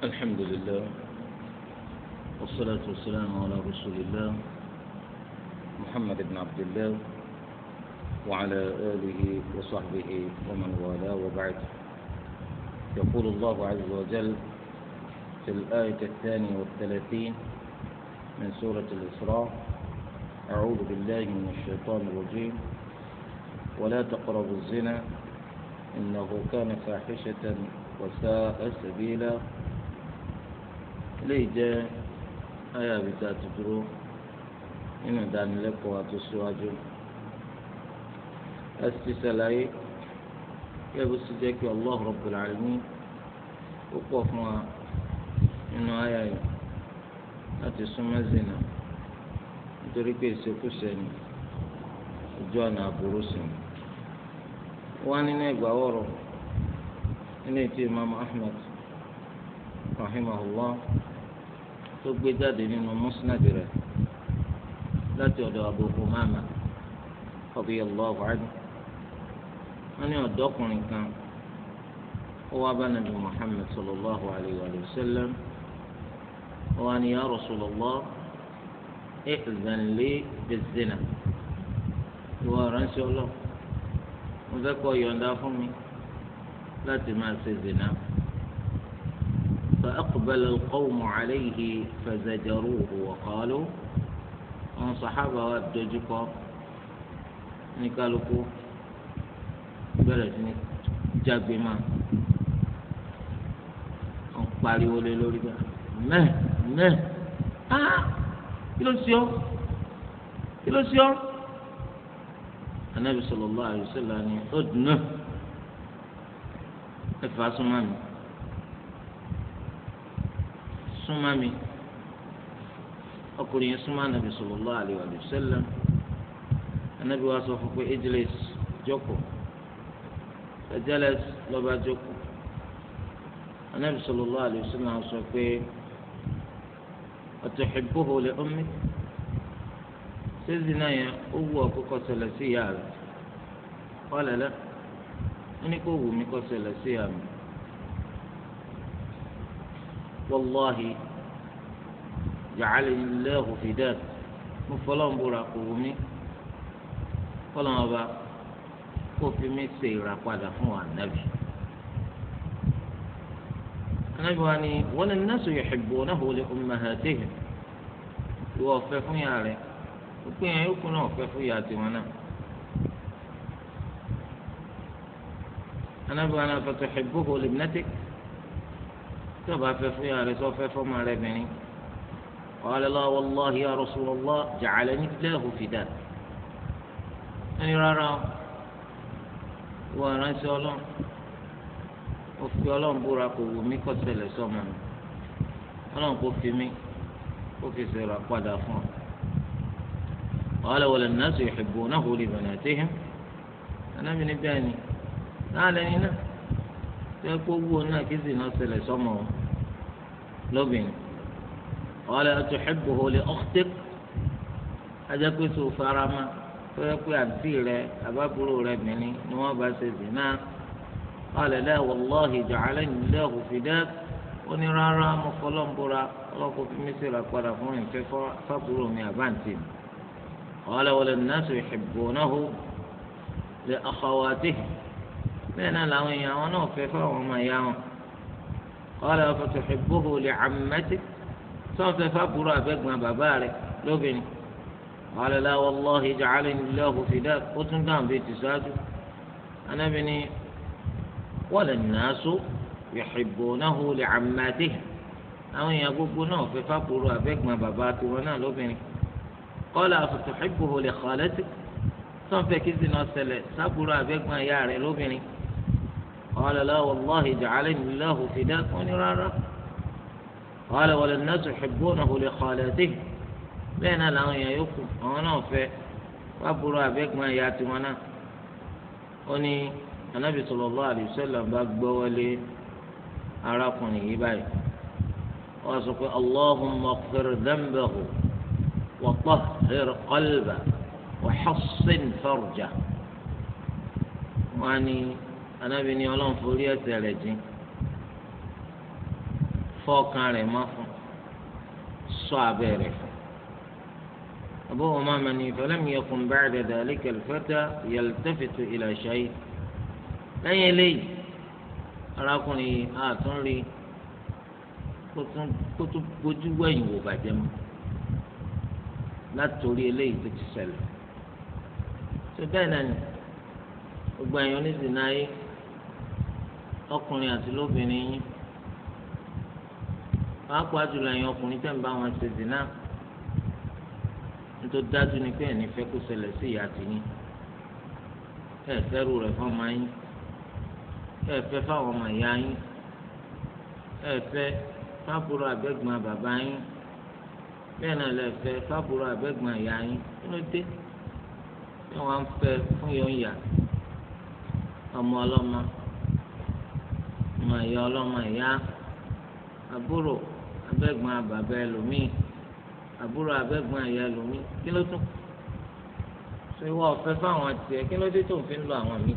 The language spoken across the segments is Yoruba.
الحمد لله والصلاة والسلام على رسول الله محمد بن عبد الله وعلى آله وصحبه ومن والاه وبعد يقول الله عز وجل في الآية الثانية والثلاثين من سورة الإسراء أعوذ بالله من الشيطان الرجيم ولا تقربوا الزنا إنه كان فاحشة وساء سبيلا eléyìí jẹ́ ayé àbíta tó dúró nínú ìdánilẹ́kọ̀ọ́ wa tó síwájú ẹ sì ṣàlàyé kí ẹbí sì jẹ́ ó pọ̀ fún wa nínú ayé ayé láti súnmọ́ zina nítorí pé ìṣekúṣe ni ojú ọ̀nà àbúrò sí wá nínú nínú Imam Ahmad rahimahullah. tó gbé jáde nínú musnad rẹ̀ láti ọ̀dọ̀ Abu Umama radiyallahu anhu wọ́n ní ọ̀dọ́kùnrin kan ó wá bá nàbì Muhammad sallallahu alayhi wa sallam ó wá ní ya Rasulullah i'zan li biz ìwọ ránṣẹ́ ọlọ́ mo fẹ́ kọ́ yọ̀ǹda fún mi láti máa ṣe zina. فأقبل القوم عليه فزجروه وقالوا àwọn sàhábà wa dojúkọ ní kálukú bẹ̀rẹ̀ sí ní jágbe máa wọ́n pariwo lé lórí gbà mẹ́ mẹ́ ah kí ló sí ọ kí ló sí ọ anabi sallallahu alaihi wasallam ni ó dùn náà ẹ fà á súnmọ́ mi. súnmọ́ mi ọkùnrin yẹn súnmọ́ anabi sallallahu alaihi wa sallam anabi wa sọ fún pé lọba jókòó anabi sallallahu alaihi wa sọ pé atuhibbuhu li ummi sẹ́sìn náà yẹn ó wù ọkọ̀ ṣẹlẹ̀ sí ìyá والله جعلني الله في داب مفلان برا قومي فلان أبا كوفي ميسي راقوالا هو النبي النبي واني ولا الناس يحبونه لأمهاتهم يوففون يا علي وكين يكون يوففون يا تيوانا النبي وانا فتحبه لابنتك tí ọba fẹ́ fún yàrá rẹ sọ fẹ́ fọmọ rẹ bìnrin qala la wallahi ya Rasulullah ja'alani Allahu fida ẹni rárá wọ aránṣẹ́ Ọlọ́run ó fi Ọlọ́run búra kò wù mí kó ṣẹlẹ̀ sọmọ mi Ọlọ́run kò fi mí kó fi ṣèrà padà fún ọ. قال ولا الناس يحبونه لبناتهم أنا من بني لا لنا تقول هناك زنا سلسمه lóbìnrin ọ̀lẹ́ ọ̀túnṣẹ́bùhó lè ọ̀ktẹ́k ajẹ́ pé tó farama tó yẹ pé àǹtí rẹ àbábúrò rẹ bìnrin ni wọ́n bá ṣe dì náà ọ̀lẹ́ lẹ́ wọ́lọ́hì jàálẹ́yìn lẹ́hùn fìdá ó ní rárá mo fọlọ́ǹbúra ọlọ́kọ̀ fi mí síra padà fún ìfẹ́ fábúrò mi àbáǹtì mi wọlé nàṣọ ìṣẹ̀bù náà lè ọ̀kọ̀wàtì bẹ́ẹ̀ náà làwọn èèyàn àwọn náà fẹ́ fáwọn ọmọ ìyá wọn ọ̀rẹ́ ọ̀fẹ́ tó fi gbóhùn lè àmẹ́tì sọ́ọ̀fẹ́ fàbúrò àfẹ́gbọ́n bàbá rẹ̀ lóbìnrin ọ̀rẹ́ láwọ lọ́ọ̀hì jàálẹ̀ nílẹ̀ ọ̀hún fìdá ó tún dáhùn bíi ti ṣáájú anábì ni wọ́n lè nàásù yòòbó náà hù lè àmẹ́tì àwọn èèyàn gbogbo náà fẹ́ fàbúrò àfẹ́gbọ́n bàbá tiwọn náà lóbìnrin kọ́lá àfẹ́tò قال لا والله جعلني الله فداك ونرارا قال ولا الناس يحبونه لخالاته بين الآن يكون أنا في وابرا بك ما ياتمنا وني النبي صلى الله عليه وسلم بقبولي أراكني يباي وأسقي اللهم اغفر ذنبه وطهر قلبه وحصن فرجه يعني anábì ní ọlọ́run forí ẹ̀ṣẹ̀ rẹ̀ jìn fọ́ọ̀kan rẹ̀ mọ́ fún sọ abẹ́ rẹ̀ fún. أبو أمامة فلم يكن بعد ذلك الفتى يلتفت إلى شيء lẹ́yìn eléyìí arákùnrin àtún rí kó tún gbójú wẹ̀yìn wò bàjẹ́ mọ́ látòrí eléyìí tó ti ṣẹlẹ̀ tó bẹ́ẹ̀ náà ni gbogbo àyàn oníṣìí náà yìí ọkùnrin àti lóbìnrin yín pàápàá jùlọ ẹ̀yin ọkùnrin tẹ̀ ń bá wọn ṣe dìnnà nítorí dájú ni pé ẹ̀ní fẹ́ kó ṣẹlẹ̀ sí ìyá tìyín ẹ̀ fẹ́rù rẹ̀ fọ́mọ yín ẹ̀ fẹ́ fáwọn ọmọ ìyá yín ẹ̀ fẹ́ fábùrọ̀ àbẹ́gbọ̀n bàbá yín bẹ́ẹ̀ náà lè fẹ́ fábùrọ̀ àbẹ́gbọ̀n ìyá yín kí ló dé bí wọ́n fẹ́ fún yóò yà ọmọ ọlọ́mọ ọmọ ìyá ọlọ́mọ ìyá àbúrò abẹ́gbọ́n bàbá ẹlòmíì àbúrò abẹ́gbọ́n ìyá ẹlòmíì kí ló tún ṣe wọ́n ọ̀fẹ́ fáwọn tiẹ̀ kí ló dé tó ń fi ń lo àwọn míì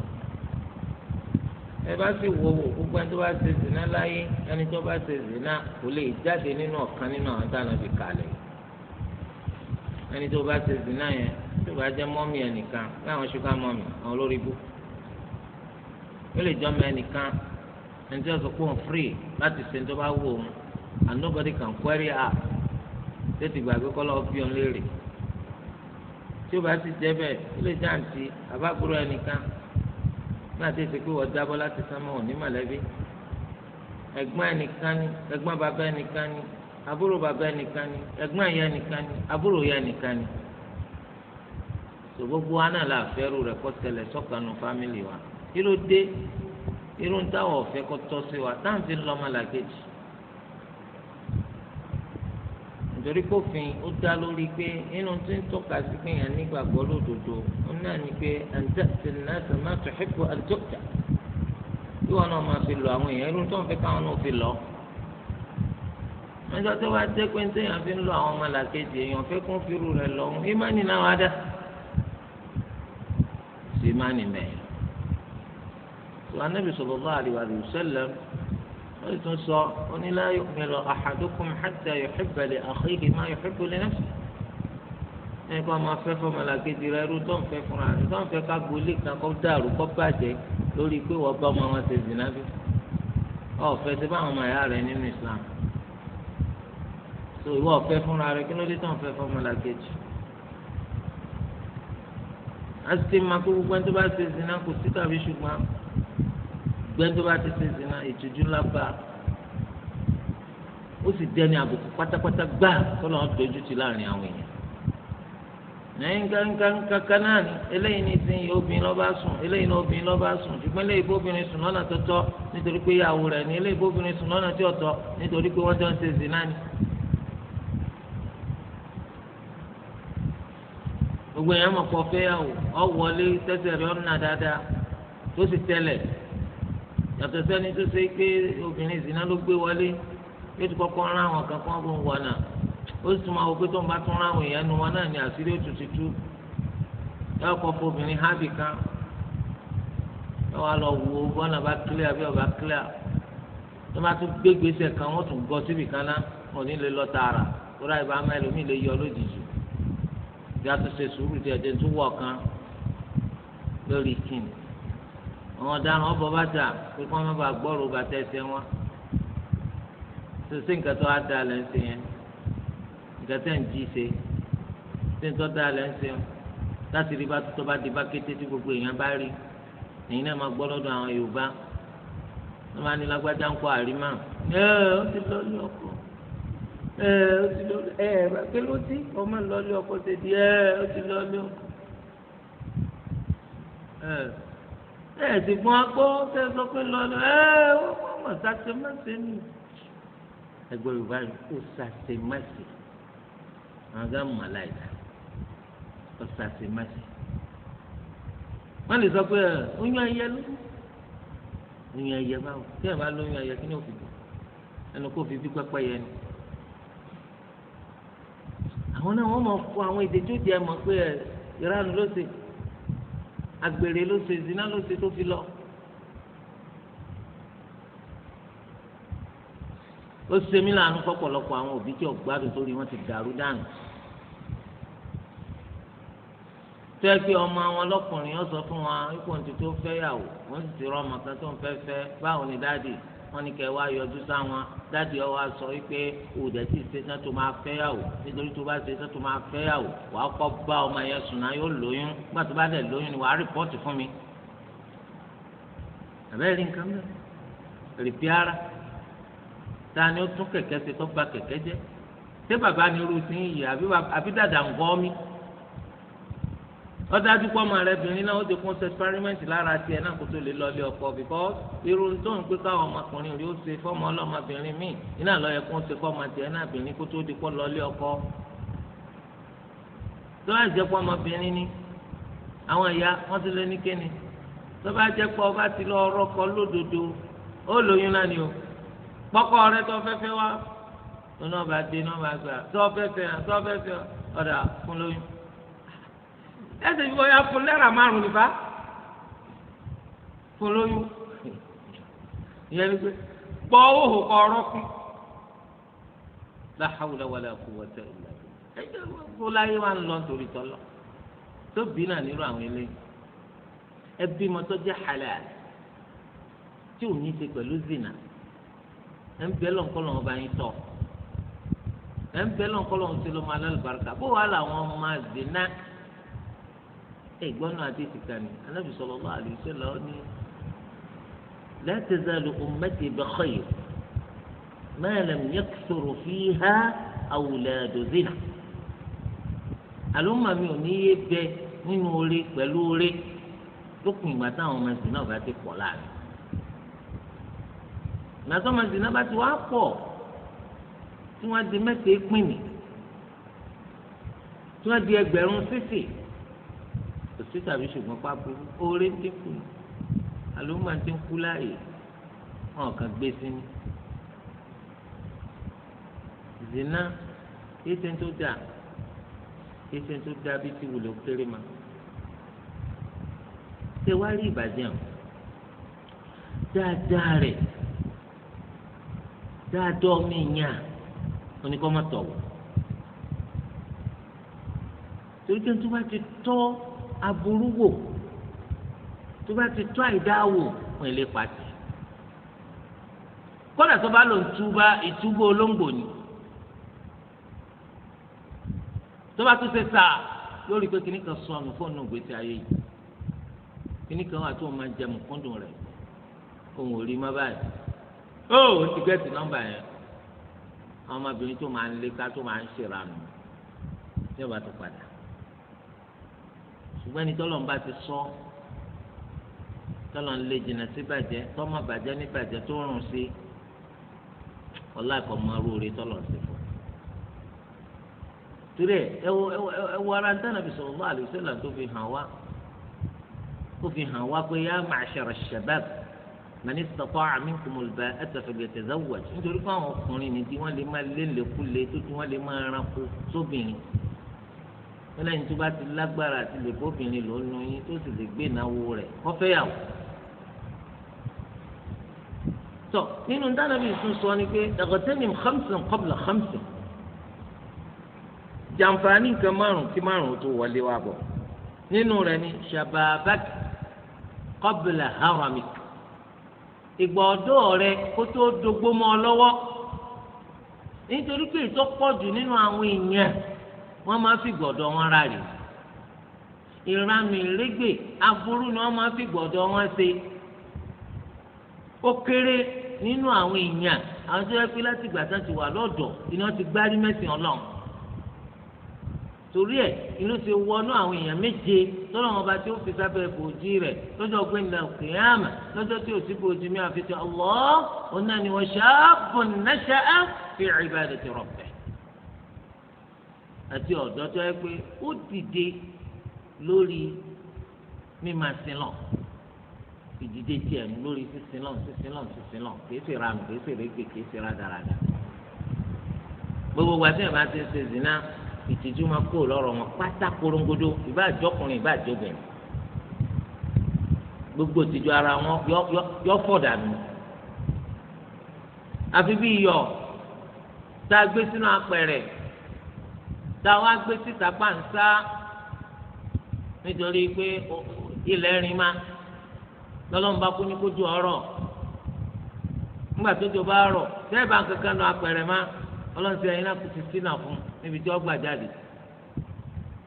ẹ bá sì wo gbogbo ẹni tó bá ṣe zina láyé ẹni tó bá ṣe zina kò lè jáde nínú ọ̀kan nínú àwọn dáná fi kalẹ̀ ẹni tó bá ṣe zina yẹn tó bá jẹ́ mọ́mì ẹnìkan láwọn ṣúgà mọ́mì àwọn olórí bú ó lè jọ́ mọ́ ẹnìkan ẹni tí wọ́n sọ pé òun free láti ṣe tó bá wù òun and nobody can query her tètè gbàgbé kọ́lọ́ bí òun léèrè tí o bá ti jẹ́ bẹ́ẹ̀ ó lè já àǹtí àbágbóró ẹnìkan náà ti ṣe pé wọ́n jábọ́ láti sánmọ́ òní mọ̀lẹ́bí ẹ̀gbọ́n ẹnìkan ni ẹ̀gbọ́n bàbá ẹnìkan ni àbúrò bàbá ẹnìkan ni ẹ̀gbọ́n ìyá ẹnìkan ni àbúrò ìyá ẹnìkan ni so gbogbo wa náà la fẹ́rù rẹ̀ kọ́ ṣẹlẹ̀ sọ́kànnù fámìlì wa kí ló dé irú ń táwọn ọ̀fẹ́ kó tọ́ sí wa táǹtì lọ́mọ làkejì nítorí kófin ó dá lórí pé nínú tí ń tọ́ka sí pé yẹn nígbàgbọ́ lódodo òun náà ni pé àǹtẹ̀tẹ̀ náà sì máa tó hẹ́pù àdókítà tí wọn náà máa fi lọ àwọn èèyàn irú tó ń fẹ́ káwọn náà fi lọ. ọjọ́ tó bá dé pé téèyàn fi ń lọ àwọn ọmọ làkejì èèyàn fẹ́ kún fírù rẹ̀ lọ́wọ́ ìmánì náà wá dá sí ìmánì mẹ́rin anabi sallallahu alaihi wa sallam ó sì tún sọ ó ní la yu'minu ahadukum hatta yuhibba li akhihi ma yuhibbu li nafsihi ẹni kọ́ máa fẹ́ fọ́ malakeji rẹ irú tó ń fẹ́ fúnra rẹ tó ń fẹ́ ká gbolé kan kó dàrú kó bàjẹ́ lórí pé wọ́n bá ọmọ wọn ṣe zìnnà bí ọ̀fẹ́ ṣe bá àwọn ọmọ ẹ̀yà rẹ nínú Islam tó ìwọ ọ̀fẹ́ fúnra rẹ kí ló dé tó ń fẹ́ fọ́ malakeji. a sì ti kó gbogbo gbẹ́ńtò ti ṣe ìsìn náà ìtújú ńlá bá ó sì dẹni àbùkù pátápátá gbà tọ́lọ́ wọn dojú ti láàrin àwọn èèyàn lẹ́yìn kankankan náà ni eléyìí ní sin obìnrin lọ́ba sùn eléyìí ní obìnrin lọ́ba sùn ṣùgbọ́n eléyìí bóbìnrin sùn lọ́nà tó nítorí pé ìyàwó rẹ̀ ni eléyìí bóbìnrin sùn lọ́nà tí nítorí pé wọ́n jọ ń náà ni. gbogbo èèyàn mọ̀ pọ̀ fẹ́yàwó ọ̀ wọlé tẹ́sẹ̀ rẹ̀ ọ̀nà dáadáa tó yàtọ̀ sẹ́ni tó ṣe pé obìnrin ìsìná ló gbé wọlé yóò ti kọ́kọ́ rán àwọn kan kán fún wọn náà ó sì tún máa wọ pé tó ń bá tún rán àwọn èèyàn nu wọn náà ní àṣírí òtútù tú yóò kọ́ fún obìnrin hábì kan yóò wá lọ wo bọ́nà bá clear bí ọba clear tó bá tún gbé kan wọ́n tún gbọ́ síbì kan náà wọn ní lè lọ tààrà tó ráì bá máa ẹlòmíì lè yọ lójijì bí a sùúrù tí ẹ̀jẹ̀ tún wọ̀ kan lórí kíni àwọn ọ̀daràn ọ̀bọ̀ bàtà pé kí wọ́n má bàa gbọ́rò bàtà ẹsẹ̀ wọn sèse nǹkan tó á da lẹ́ ń ṣe yẹn nǹkan tẹ̀ ń jí ṣe ṣé ń tọ́ da lẹ́ ń ṣe yẹn láti rí bá tó bá di bá kété tí gbogbo èèyàn bá rí èyí náà máa gbọ́ lọ́dọ̀ àwọn Yorùbá wọ́n máa ní lágbájá ń kọ́ àrímà ẹ ó ti lọ́ọ́lì ọkọ̀ ẹ ó ti lọ́ọ́lì ẹ kí ló dé ọmọ lọ́ọ́lì ọkọ̀ ṣe di ẹ ó ti lọ́ọ́lì ọkọ̀ ẹ ẹ ti gbọ́n agbọ́ é sọ pé lọ́nà ẹ wọ́n mọ̀ sàṣemáṣe nù ẹgbẹ́ yorùbá yìí kò sàṣemáṣe àwọn gá mọ̀ láìda kò sàṣemáṣe wọ́n lè sọ pé ẹ oyún ayé ló oyún ayé báwo tí ẹ bá lóyún ayé kí ni òfin bò ẹnu kó fi bí pẹ́pẹ́ yẹ ni àwọn náà wọ́n mọ̀ fún àwọn èdè tó jẹ́ mọ̀ pé ẹ ìranu ló ṣe kù agbèrè ló ṣe zina ló ṣe tó fi lọ. ó ṣe mí láàánú pọ̀pọ̀lọpọ̀ àwọn òbí tí ọ̀gbádùn tó rí wọ́n ti dàrú dànù. tó yẹ pé ọmọ àwọn ọlọ́kùnrin yóò sọ fún wa ipò ní ti tó fẹ́ yàwó wọ́n sì ti rọ ọmọ kan tó ń fẹ́ fẹ́ báwo ni dáàdì wọ́n ní kẹ́ wá yọjú sáwọn dáàdi ọ wá sọ wípé òdẹ tí ì ṣetán tó máa fẹ́yàwó nítorí tó bá ṣetán tó máa fẹ́yàwó wàá kọ́ bá ọmọ yẹn sùn náà yóò lóyún nígbà tó bá dẹ̀ lóyún ni wàá rìpọ́ọ̀tì fún mi. àbẹ́rẹ́ rí nǹkan mẹ́rin rìpí ara ta ni ó tún kẹ̀kẹ́ ṣe tó gba kẹ̀kẹ́ jẹ́ ṣé bàbá ni irú ti ń àbí dàdà ń gbọ́ mi ọdájú pọ́ ọmọ rẹ bìnrin náà ó ti kún experiment lára tiẹ̀ náà kó tó lè lọ ilé ọkọ because irun tó ń pé káwọn ọmọkùnrin rí ó ṣe fọ́mọ ọlọ́mọbìnrin míì iná lọ́ọ́ yẹ kó ń ṣe fọ́mọ tiẹ̀ náà bìnrin kó tó di pọ́ lọ ilé ọkọ. tó bá jẹ́ pọ́ ọmọbìnrin ni àwọn ìyá wọ́n ti lé ní kéne tó bá jẹ́ pọ́ ọba ti lọ ọrọ́kọ lódodo ó lóyún náà ni o pọ́kọ rẹ tó fẹ́fẹ́ wá tó náà bá dé náà bá gbà tó fẹ́fẹ́ ẹsẹ̀ bí wọ́n yá fún náírà márùn nípa polóyún ìyẹn ni pé gbọ́ òhò kọ́ ọ̀rọ̀ kún láhàwùlẹ̀ wàlẹ̀ kú wọ́tẹ́ ẹ̀jẹ̀ kó láyé wa ń lọ nítorí tọ́lọ̀ tó bí náà nírú àwọn eléyìí ẹbí mọ tó jẹ́ halal tí ò ní ṣe pẹ̀lú zina ẹ̀ ń bẹ́ lọ́nkọ́lọ́ ọba yín tọ̀ ẹ̀ ń bẹ́ lọ́nkọ́lọ́ ọ̀hún ṣe ló máa bó wàá làwọn máa zina ìgbọ́nà àti ìsìkànnì anábì sallallahu alaihi wasallam ní la tazalu ummati bi khayr ma lam yakthur fiha awladu zina àlùmọ́ mi ò ní yé bẹ nínú orí pẹ̀lú orí lókun ìgbà táwọn ọmọ ẹ̀sìn náà bá ti pọ̀ láàrin ìgbà ọmọ ẹ̀sìn náà bá ti wá pọ̀ tí wọ́n di mẹ́tẹ̀ẹ́ pín tí wọ́n di ẹgbẹ̀rún sísì sí tàbí ṣùgbọ́n pápúrú oore ń dínkù ní àlùmọ́ ti ń kú láàyè wọn kàn gbé sí ni. zina ètò tó dáa ètò tó dáa bí ti wùlò kéré ma ṣé wàá rí ìbàjẹ́ o dáadáa rẹ̀ dáadọ́ mi yàn oníkọ́mọ́tọ̀ wò torí kí n tó bá ti tọ́ aburú wò tó bá ti tó àìdá wò fún ilé pàtì kódà tó bá lò ń túbá ìtúbó olóńgbò ni tó bá tún ṣe sà lórí pé kíní kan sọnù fóònù ìgbésí ayé yìí kíní kan wà tó máa jẹun kúndùn rẹ̀ ohun ò rí má báyìí ó ò ti gẹ́tì nọ́mbà yẹn àwọn ọmọbìnrin tó máa ń lé ká tó máa ń ṣèrànù tí ó tó padà ṣùgbọ́n ẹni tọ́lọ̀ ń bá ti sọ tọ́lọ̀ ń lè jìnnà sí bàjẹ́ tọ́mọ bàjẹ́ ní bàjẹ́ tó rùn sí ọláìkọ̀ máa rúure tọ́lọ̀ ń sèfọ́. torí ẹ ẹ wo ara ntẹ́ nàbì sallallahu alaihi wasallam tó fi hàn wá tó fi hàn wá pé yá ma'shara shabab man istata'a minkumul ba'ata falyatazawwaj nítorí pé àwọn ọkùnrin nìdí wọ́n lè máa lé lẹ́kúlẹ̀ tó tún wọ́n lè máa ránkó sóbìnrin wọn lẹ́yìn tó bá ti lágbára àti lè bóbìnrin ló nu yín tó sì lè gbé ìnáwó rẹ̀ kọ́fẹ́ yàwó. tọ nínú dánábì tún sọ ni pé ẹ̀kọ́tẹ́nìm hamsin kọ́bùlà hamsin jàǹfààní nǹkan márùn kí márùn tó wọlé wa bọ̀ nínú rẹ̀ ni shababak kọ́bùlà haramik ìgbà ọ̀dọ́ rẹ̀ kó tó dogbó mọ́ ọ lọ́wọ́ nítorí pé ìtọ́pọ̀jù nínú àwọn èèyàn wọ́n máa fi gbọ̀dọ̀ wọn ra rè ìranù ìrégbè aburú ni wọ́n máa fi gbọ̀dọ̀ wọn ṣe ó kéré nínú àwọn èèyàn àwọn tó yẹ pé láti ìgbà tán ti wà lọ́dọ̀ ni wọ́n ti gbárí mẹ́sìn ọlọ́run torí ẹ̀ inú ti wọnú àwọn èèyàn méje tọ́lọ́ wọn bá tí ó fi sábẹ́ bòójì rẹ̀ lọ́jọ́ gbẹ̀ndà kìíyàmà lọ́jọ́ tí ò sí bòójì mi àfi ti ọ̀nà ni wọ́n ṣáàbùn náṣà fi ibadati rabbih àti ọ̀dọ́ tó yẹ pé ó dìde lórí mímà sílọ̀ ìdìde tiẹ̀ lórí sísílọ̀ sísílọ̀ sísílọ̀ kìí ṣe ranù kìí ṣe rẹ́gbẹ̀ kìí ṣe rádaràdà gbogbo wa tí ẹ̀ bá ti ṣe zina ìtìjú máa kó lọ́rọ̀ wọn pátá korongodo ìbá àjọkùnrin ìbá àjọbìnrin gbogbo ìtìjú ara wọn yọ fọ̀ dànù àfi bí iyọ̀ tá a gbé sínú apẹ̀rẹ̀. táwọn agbé síta gbàǹsá nítorí pé ilẹ̀ rìn má lọ́lọ́run bá kú ní kójú ọ̀rọ̀ nígbà tó tó bá rọ̀ sẹ́ẹ̀bà kankan lọ apẹ̀rẹ̀ má ọlọ́run ti ẹ̀yin náà kù títí náà fún níbi tí wọ́n gbà jáde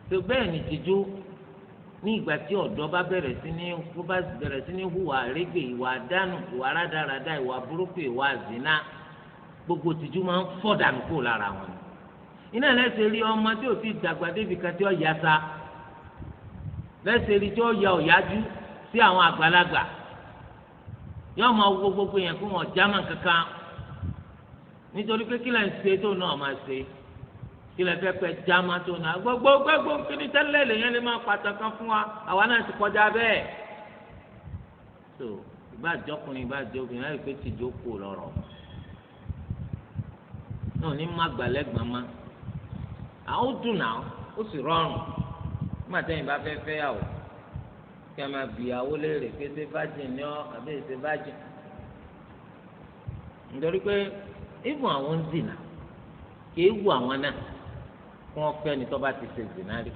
tó bẹ́ẹ̀ ní ìgbà tí ọ̀dọ́ bá bẹ̀rẹ̀ sí ní kó bá bẹ̀rẹ̀ sí ní hùwà ìwà dánù ìwà ìwà gbogbo tìjú máa ń iná lẹ́sẹ̀ rí ọmọ tí ò ti dàgbà débi kan tí ó yà sa lẹ́sẹ̀ rí tí ó yà ọ̀yájú sí àwọn àgbàlagbà yóò máa wo gbogbo yẹn kó wọn jámà kankan nítorí pé kí lẹ́yìn ṣe tó náà máa ṣe kí lẹ́yìn fẹ́ pẹ́ jámà tó náà gbogbo gbogbo kíni tẹ́lẹ̀ lèyẹn lè máa pàtàkàn fún wa àwa náà ti kọjá bẹ́ẹ̀ tó ìbájọkùnrin ìbájọkùnrin láì pé tìjókòó lọ́rọ̀ náà ní má gbàlẹ́gbàá má. àwọn ó dùn náà ó sì rọrùn nígbà tẹ́yìn bá fẹ́ fẹ́ yà wò kí a máa bì àwọ léèrè ni ọ àbí ṣe virgin nítorí pé ìfún àwọn ń zìnà kìí wù àwọn náà kí wọ́n fẹ́ ni tó bá ti ṣe zìnà rí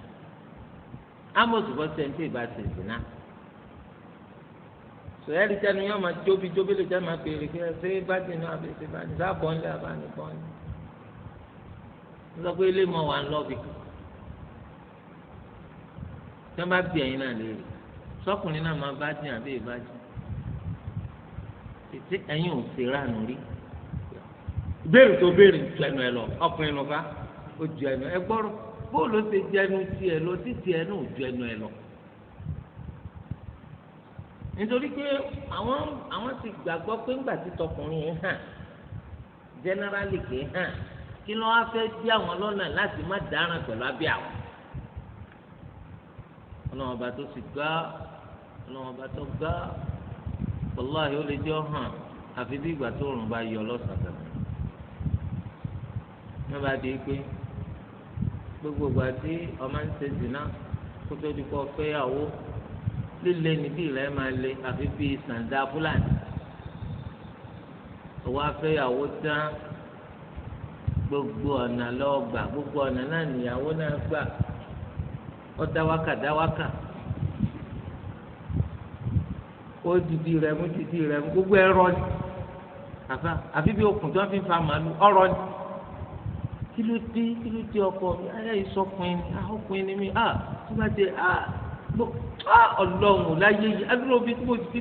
ámọ̀sù bọ́ ṣe ń tè bá ṣe zìnà sọ̀rọ̀ ẹ̀rí tẹ́nu yóò máa jóbi jóbi lè jẹ́ máa sọ pé ilé mọ wà ń lọ bìkan tí wọn bá bí ẹyin náà léèrè sọkùnrin náà máa bá dín àbí ìbá dín títí ẹyin ò sí ránù rí béèrè tó béèrè ju ẹnu ẹ lọ ọkùnrin lọ bá ó ju ẹnu ẹ gbọ́rọ̀ bóòlù ó ti ju ẹnu tiẹ̀ lọ títí ẹnu ò ju ẹnu ẹ lọ nítorí pé àwọn àwọn ti gbàgbọ́ pé ńgbà tí tọkùnrin yẹn hàn generally kì í hàn kí ló wá fẹ́ dí àwọn lọ́nà láti má dáràn pẹ̀lú abẹ́ àwọn. ọlọ́run ọba tó sì gbá ọlọ́run ọba tó gbá wàláhì ó lè jọ hàn àfi bí ìgbà tó rùn bá yọ lọ́sàn-án ní bá di pé gbogbo ìgbà tí ọmọ ń ṣe zìnà kó tó di kọ́ fẹ́yàwó líle níbí rẹ̀ máa le àfi bí sàǹdà fúlàní. òwò afẹ́yàwó tán. gbogbo ọ̀nà lọ́ọ́ gbà gbogbo ọ̀nà náà nìyàwó náà gbà ó dáwákà dáwákà ó dìdí rẹ mú rẹ mú gbogbo ẹ̀rọ ni àfa àfi bí okùn tó ń fi fa màálù ọ̀rọ̀ ni kí ló dé kí ah tó ah, ah, ah láyé yìí tí mo ti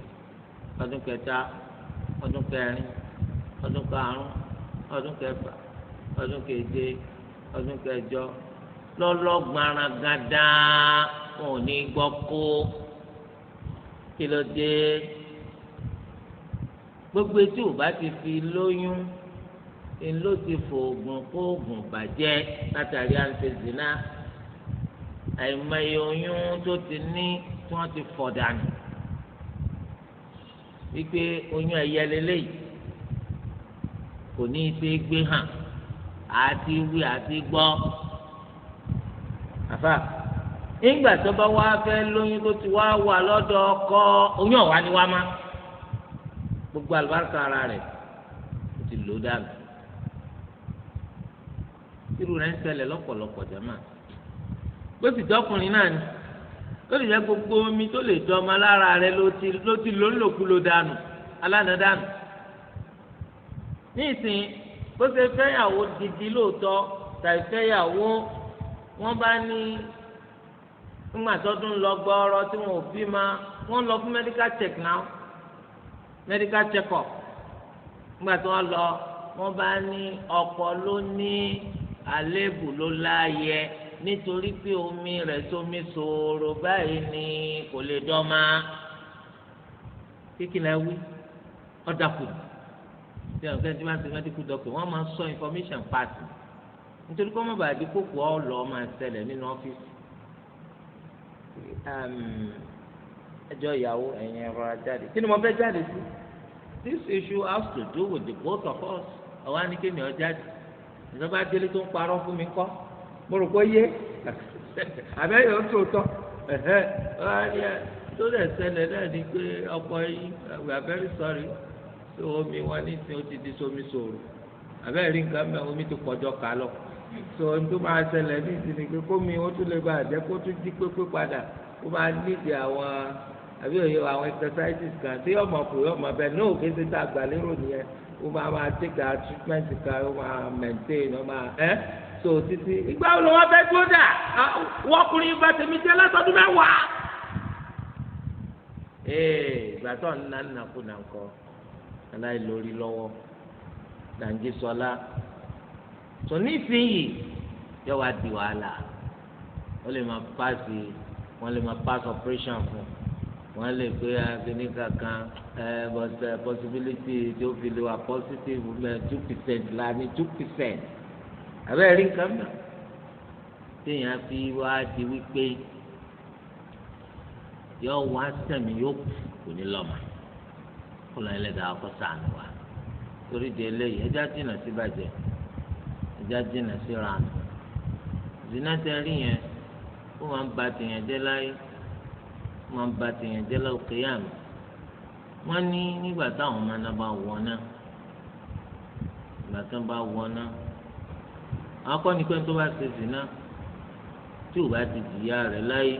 ọdún kẹta ọdún kẹrin ọdún karùn ọdún kẹfà ọdún keje ọdún kẹjọ lọlọgbaragada wọn ò ní gbọ́ kó kí ló dé gbogbo etí ò bá ti fi lóyún ńlọ ti fòògùn kóògùn bàjẹ́ látàrí àǹtẹ̀zínà àìmọye oyún tó ti ní tí wọ́n ti fọ̀ dànù wípé oyún ẹyẹ lélẹyìí kò ní í ṣe gbé hàn àti wí àti gbọ́ àfà nígbà tó bá wá fẹ́ lóyún tó ti wá wà lọ́dọ̀ ọkọ oyún ọ̀wá ni wá má gbogbo àlùbáríkà ara rẹ̀ ó ti lò dànù irú rẹ̀ ń ṣẹlẹ̀ lọ́pọ̀lọpọ̀ jẹ́ mà gbèsè tọkùnrin náà ni. lórí yẹn gbogbo omi tó lè dán ọmọ lára rẹ ló ti ló ti ló ń lòkú ló dànù alánà dànù nísìnyí bó ṣe fẹ́yàwó gidi lóòótọ́ tàbí fẹ́yàwó wọ́n bá ní ńgbà lọ gbọọrọ tí wọn ò bí ma wọ́n lọ fún medical check now medical check up ńgbà tí wọ́n lọ wọ́n bá ní ọkọ ló ní àléébù ló láàyè nítorí pé omi rẹ̀ sómi ṣòro báyìí ni kò lè dọ́mà kékeré wí ọ̀dàkù tí wọn fẹ́ẹ́ tí wọ́n ti mẹ́tíkù dọ́kítọ̀ wọ́n máa ń sọ information pass nítorí kọ́ mọ̀ bàbí kókò ọ̀lọ́ máa ṣẹlẹ̀ nínú ọ́fíìsì ehm, ẹjọ́ ìyàwó ẹ̀yin ẹ̀rọ ajáde kí ni mo fẹ́ jáde sí this issue has to do with the both of us ọ̀wá ni kémi ọ̀jáde ìjọba délé tó ń parọ́ fún mi kọ́ mo rò pé yé àbẹ́yẹ ó tòótọ́ tó dẹ̀ ṣẹlẹ̀ náà ni pé ọkọ yín we are very sorry tó omi wa nísìnyí ó ti di sómi sòrò àbẹ́rẹ́ rí nǹkan mẹ́ omi ti pọ̀jọ́ kà lọ tó ń tó máa ṣẹlẹ̀ nísìnyí ni pé kómi ó tún lè ba àjẹ́ kó tún jí pépé padà ó máa nídìí àwọn àbí òye àwọn exercises kan tí yọ̀ọ̀mọ̀ kù yọ̀ọ̀mọ̀ bẹ́ẹ̀ ní òkè ti ta àgbàlérò nìyẹn ó máa máa take our treatment kan ó máa maintain ó máa ẹ́. Eh? tó títí ìgbà wo ni wọ́n fẹ́ tó dà ah, wọ́kùnrin ìgbà tèmi jẹ́ látọdún mẹ́wàá. ee ìgbà tó ń nánà kú nà ń kọ aláìlórí lọ́wọ́ nàìjíríṣọlá tó nísìnyí yóò wá di wàhálà wọ́n lè máa paasi wọ́n lè máa pass operation fún wọ́n lè gbé akíní ah, kankan eh, but eh, possibility tó fi lè wà positive eh, two percent la ní two percent abẹ́rẹ́ rí nǹkan mọ̀ téèyàn fi wá di wípé yọ wá sẹ̀mí yóò kù ní lọ́mọ kó lọ́n ẹlẹ́dàá kó sànù wa torí di eléyìí ẹja dínà sí bàjẹ́ ẹja dínà sí ranù zina tẹ rí yẹn ó máa ń ba tèèyàn jẹ́ láyé ó máa ń ba tèèyàn jẹ́ lókè yàmù wọ́n ní nígbà táwọn ọmọ náà bá wọ̀ náà ìgbà tó ń bá wọ̀ náà àwọn akọni pé tó bá ṣe zina tí ò bá ti jìyà rẹ̀ láyé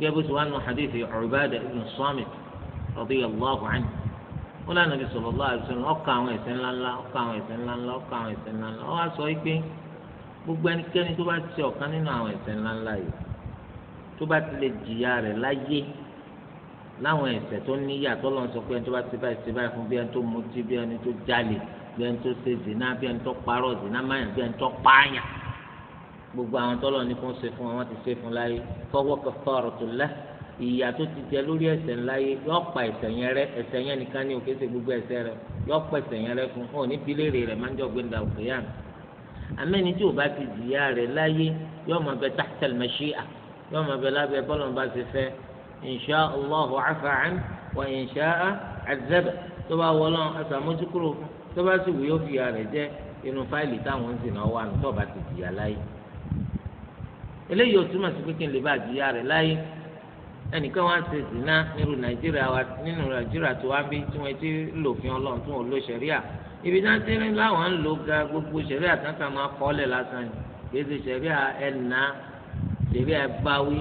gẹ́gẹ́ bó ti wá nù hadith Ubadah ibn Samit radiyallahu anhu wọn lànà bí sallallahu alaihi wasallam ọkọ àwọn ẹ̀ṣẹ̀ ńláńlá ọkọ àwọn ẹ̀ṣẹ̀ ńláńlá ọkọ àwọn ẹ̀ṣẹ̀ ńláńlá ó wá sọ pé gbogbo ẹnikẹ́ni tó bá ti ọ̀kan nínú àwọn ẹ̀ṣẹ̀ ńláńlá yìí tó bá ti lè jìyà rẹ̀ láyé láwọn ẹ̀ṣẹ̀ tó níyà tó lọ sọ pé ẹni tó bá ti báyìí ti báyìí fún bí ẹni tó mutí bí ẹni tó jalè bí ẹni tó ṣe zina bí ẹni tó parọ́ zina máyà bí ẹni tó pààyàn gbogbo àwọn tọ́lọ̀ ní kó ń ṣe fún wọn ti ṣe fún láyé fọwọ́ kẹfọ́rọ̀ tó lẹ́ ìyà tó ti jẹ lórí ẹ̀ṣẹ̀ ńláyé yọ pa ẹ̀ṣẹ̀ yẹn rẹ́ ẹ̀ṣẹ̀ yẹn nìkan ní òkè ṣe gbogbo ẹ̀ṣẹ̀ rẹ̀ yọ pa ẹ̀ṣẹ̀ yẹn rẹ́ fún òní bíléèrè rẹ̀ máa ń jọ gbẹndà òkè yá mi amẹni tí o bá ti jìyà rẹ̀ láyé yọ máa bẹ tahtal mashi'a yọ máa bẹ lábẹ bọlọ bá ti fẹ́ insha Allahu afa an wa insha azaba tó bá wọlọ àtàmójúkúrò fún tó bá sì wù yóò fi ara rẹ̀ jẹ́ inú fáìlì táwọn ń sìn náà wà ní tọ́ba ti jìyà láyé eléyìí ò túmọ̀ sí pé kí n lè bá jìyà rẹ̀ láyé ẹnìkan wá ń ṣe zina nínú nàìjíríà wa nínú nàìjíríà tó wá bí tí wọn ti lòfin ọlọ́run tí wọn ò lo ṣẹ̀ríà ibi tí wọn ti rí láwọn ń lo ga gbogbo ṣẹ̀ríà tán kà máa kọ́ lẹ̀ lásán ni kì í ṣe ṣẹ̀ríà ẹ̀nà ṣẹ̀ríà báwí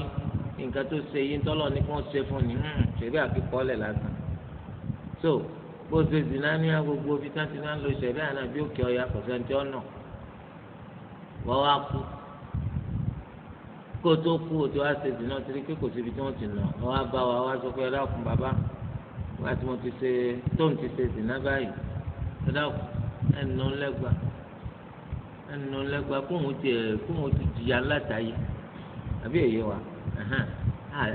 nǹkan tó ṣe yín tọ́lọ̀ ní kí wọ́n ṣe fún ni hmm, ṣẹ̀ríà fi kọ́ lẹ̀ lásán so bó ṣe zina ní agbègbè bí tá ti máa ń lo ìṣẹ̀lẹ̀ àná bí òkè ọ̀yà pẹ̀sẹ̀ntì ọ̀nà wọ́n wá kú kó tó kú òtò wá ṣe zina tiri pé kò síbi tí wọ́n ti nà wọ́n wá bá wa wá sọ pé ẹ bàbá wá tí mo ti ṣe tó ń ti ṣe zina báyìí ẹ ẹnu lẹ́gba ẹnu lẹ́gba kóhun ti kóhun ti jìyà látàyè àbí èyí wa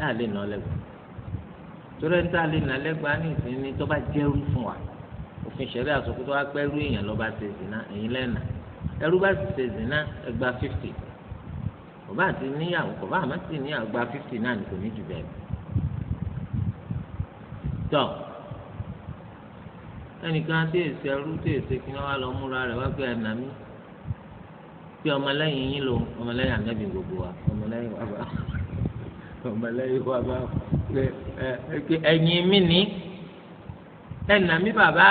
àlè nà lẹ́gba torí ẹni tá a lè nà lẹ́gbàá ní ìsinmi tó bá jẹ́rú fún wa òfin ṣẹ̀rí àsopọ̀ tó wá pẹ́ rú èèyàn lọ́ba ṣe zìnà èyí lẹ́nà ẹrú bá sì ṣe zìnà ẹgbàá fífì kò bá àti níyàwó kò bá àmọ́ sì níyàwó gba fífì náà ní kò ní jù bẹ́ẹ̀ tọ́ ẹnìkan tí èsì ẹrú tí èsì kí wọ́n wá lọ múra rẹ̀ wá pé ẹ̀nà mi pé ọmọlẹ́yìn yín lòun ọmọlẹ́yìn ọmọlẹ́yìn wa bá ẹ̀yìn mi ní ẹ̀nà mi bàbá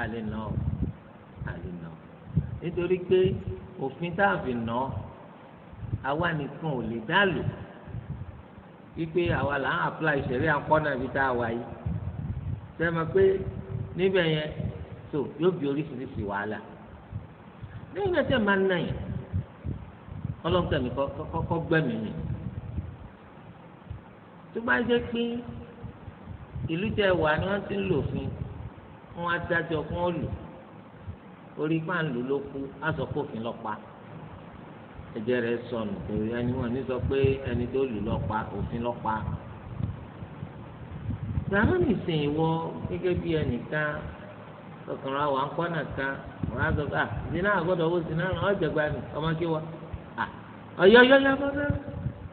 àlè nà ọ́ àlè nà ọ́ nítorí pé òfin tá a fi nà ọ́ àwa nìkan ò lè dá lò wípé àwa là ń apply ìṣẹ̀rí àkọ́nà ibi tá a wà yìí sẹ́mi pé níbẹ̀ yẹn tó yóò bí oríṣiríṣi wàhálà lẹ́yìn náà tẹ̀ máa ń nà yẹn ọlọ́nkẹ́ kọ́ gbẹ́mìí mi tó bá jẹ́ pé ìlú tẹ wà ni wọ́n ti ń lò fún wọn á dájọ́ fún ó lò orí pa ń lò ló kú á sọ pé òfin lọ́pa ẹ̀jẹ̀ rẹ̀ sọnù kò ẹni wọn ní sọ pé ẹni tó lù lọ́pa òfin lọ́pa sàmú nìsín ìwọ gẹ́gẹ́ bí ẹnìkan ọkùnrin àwọn akọ́nà kan wọn á sọ pé à zina àgọ́dọ̀ owó zina náà ọ̀jọ̀gba ni ọmọ kí wa ọ̀yọ̀yọ̀yọ̀ bọ́ bẹ́ẹ̀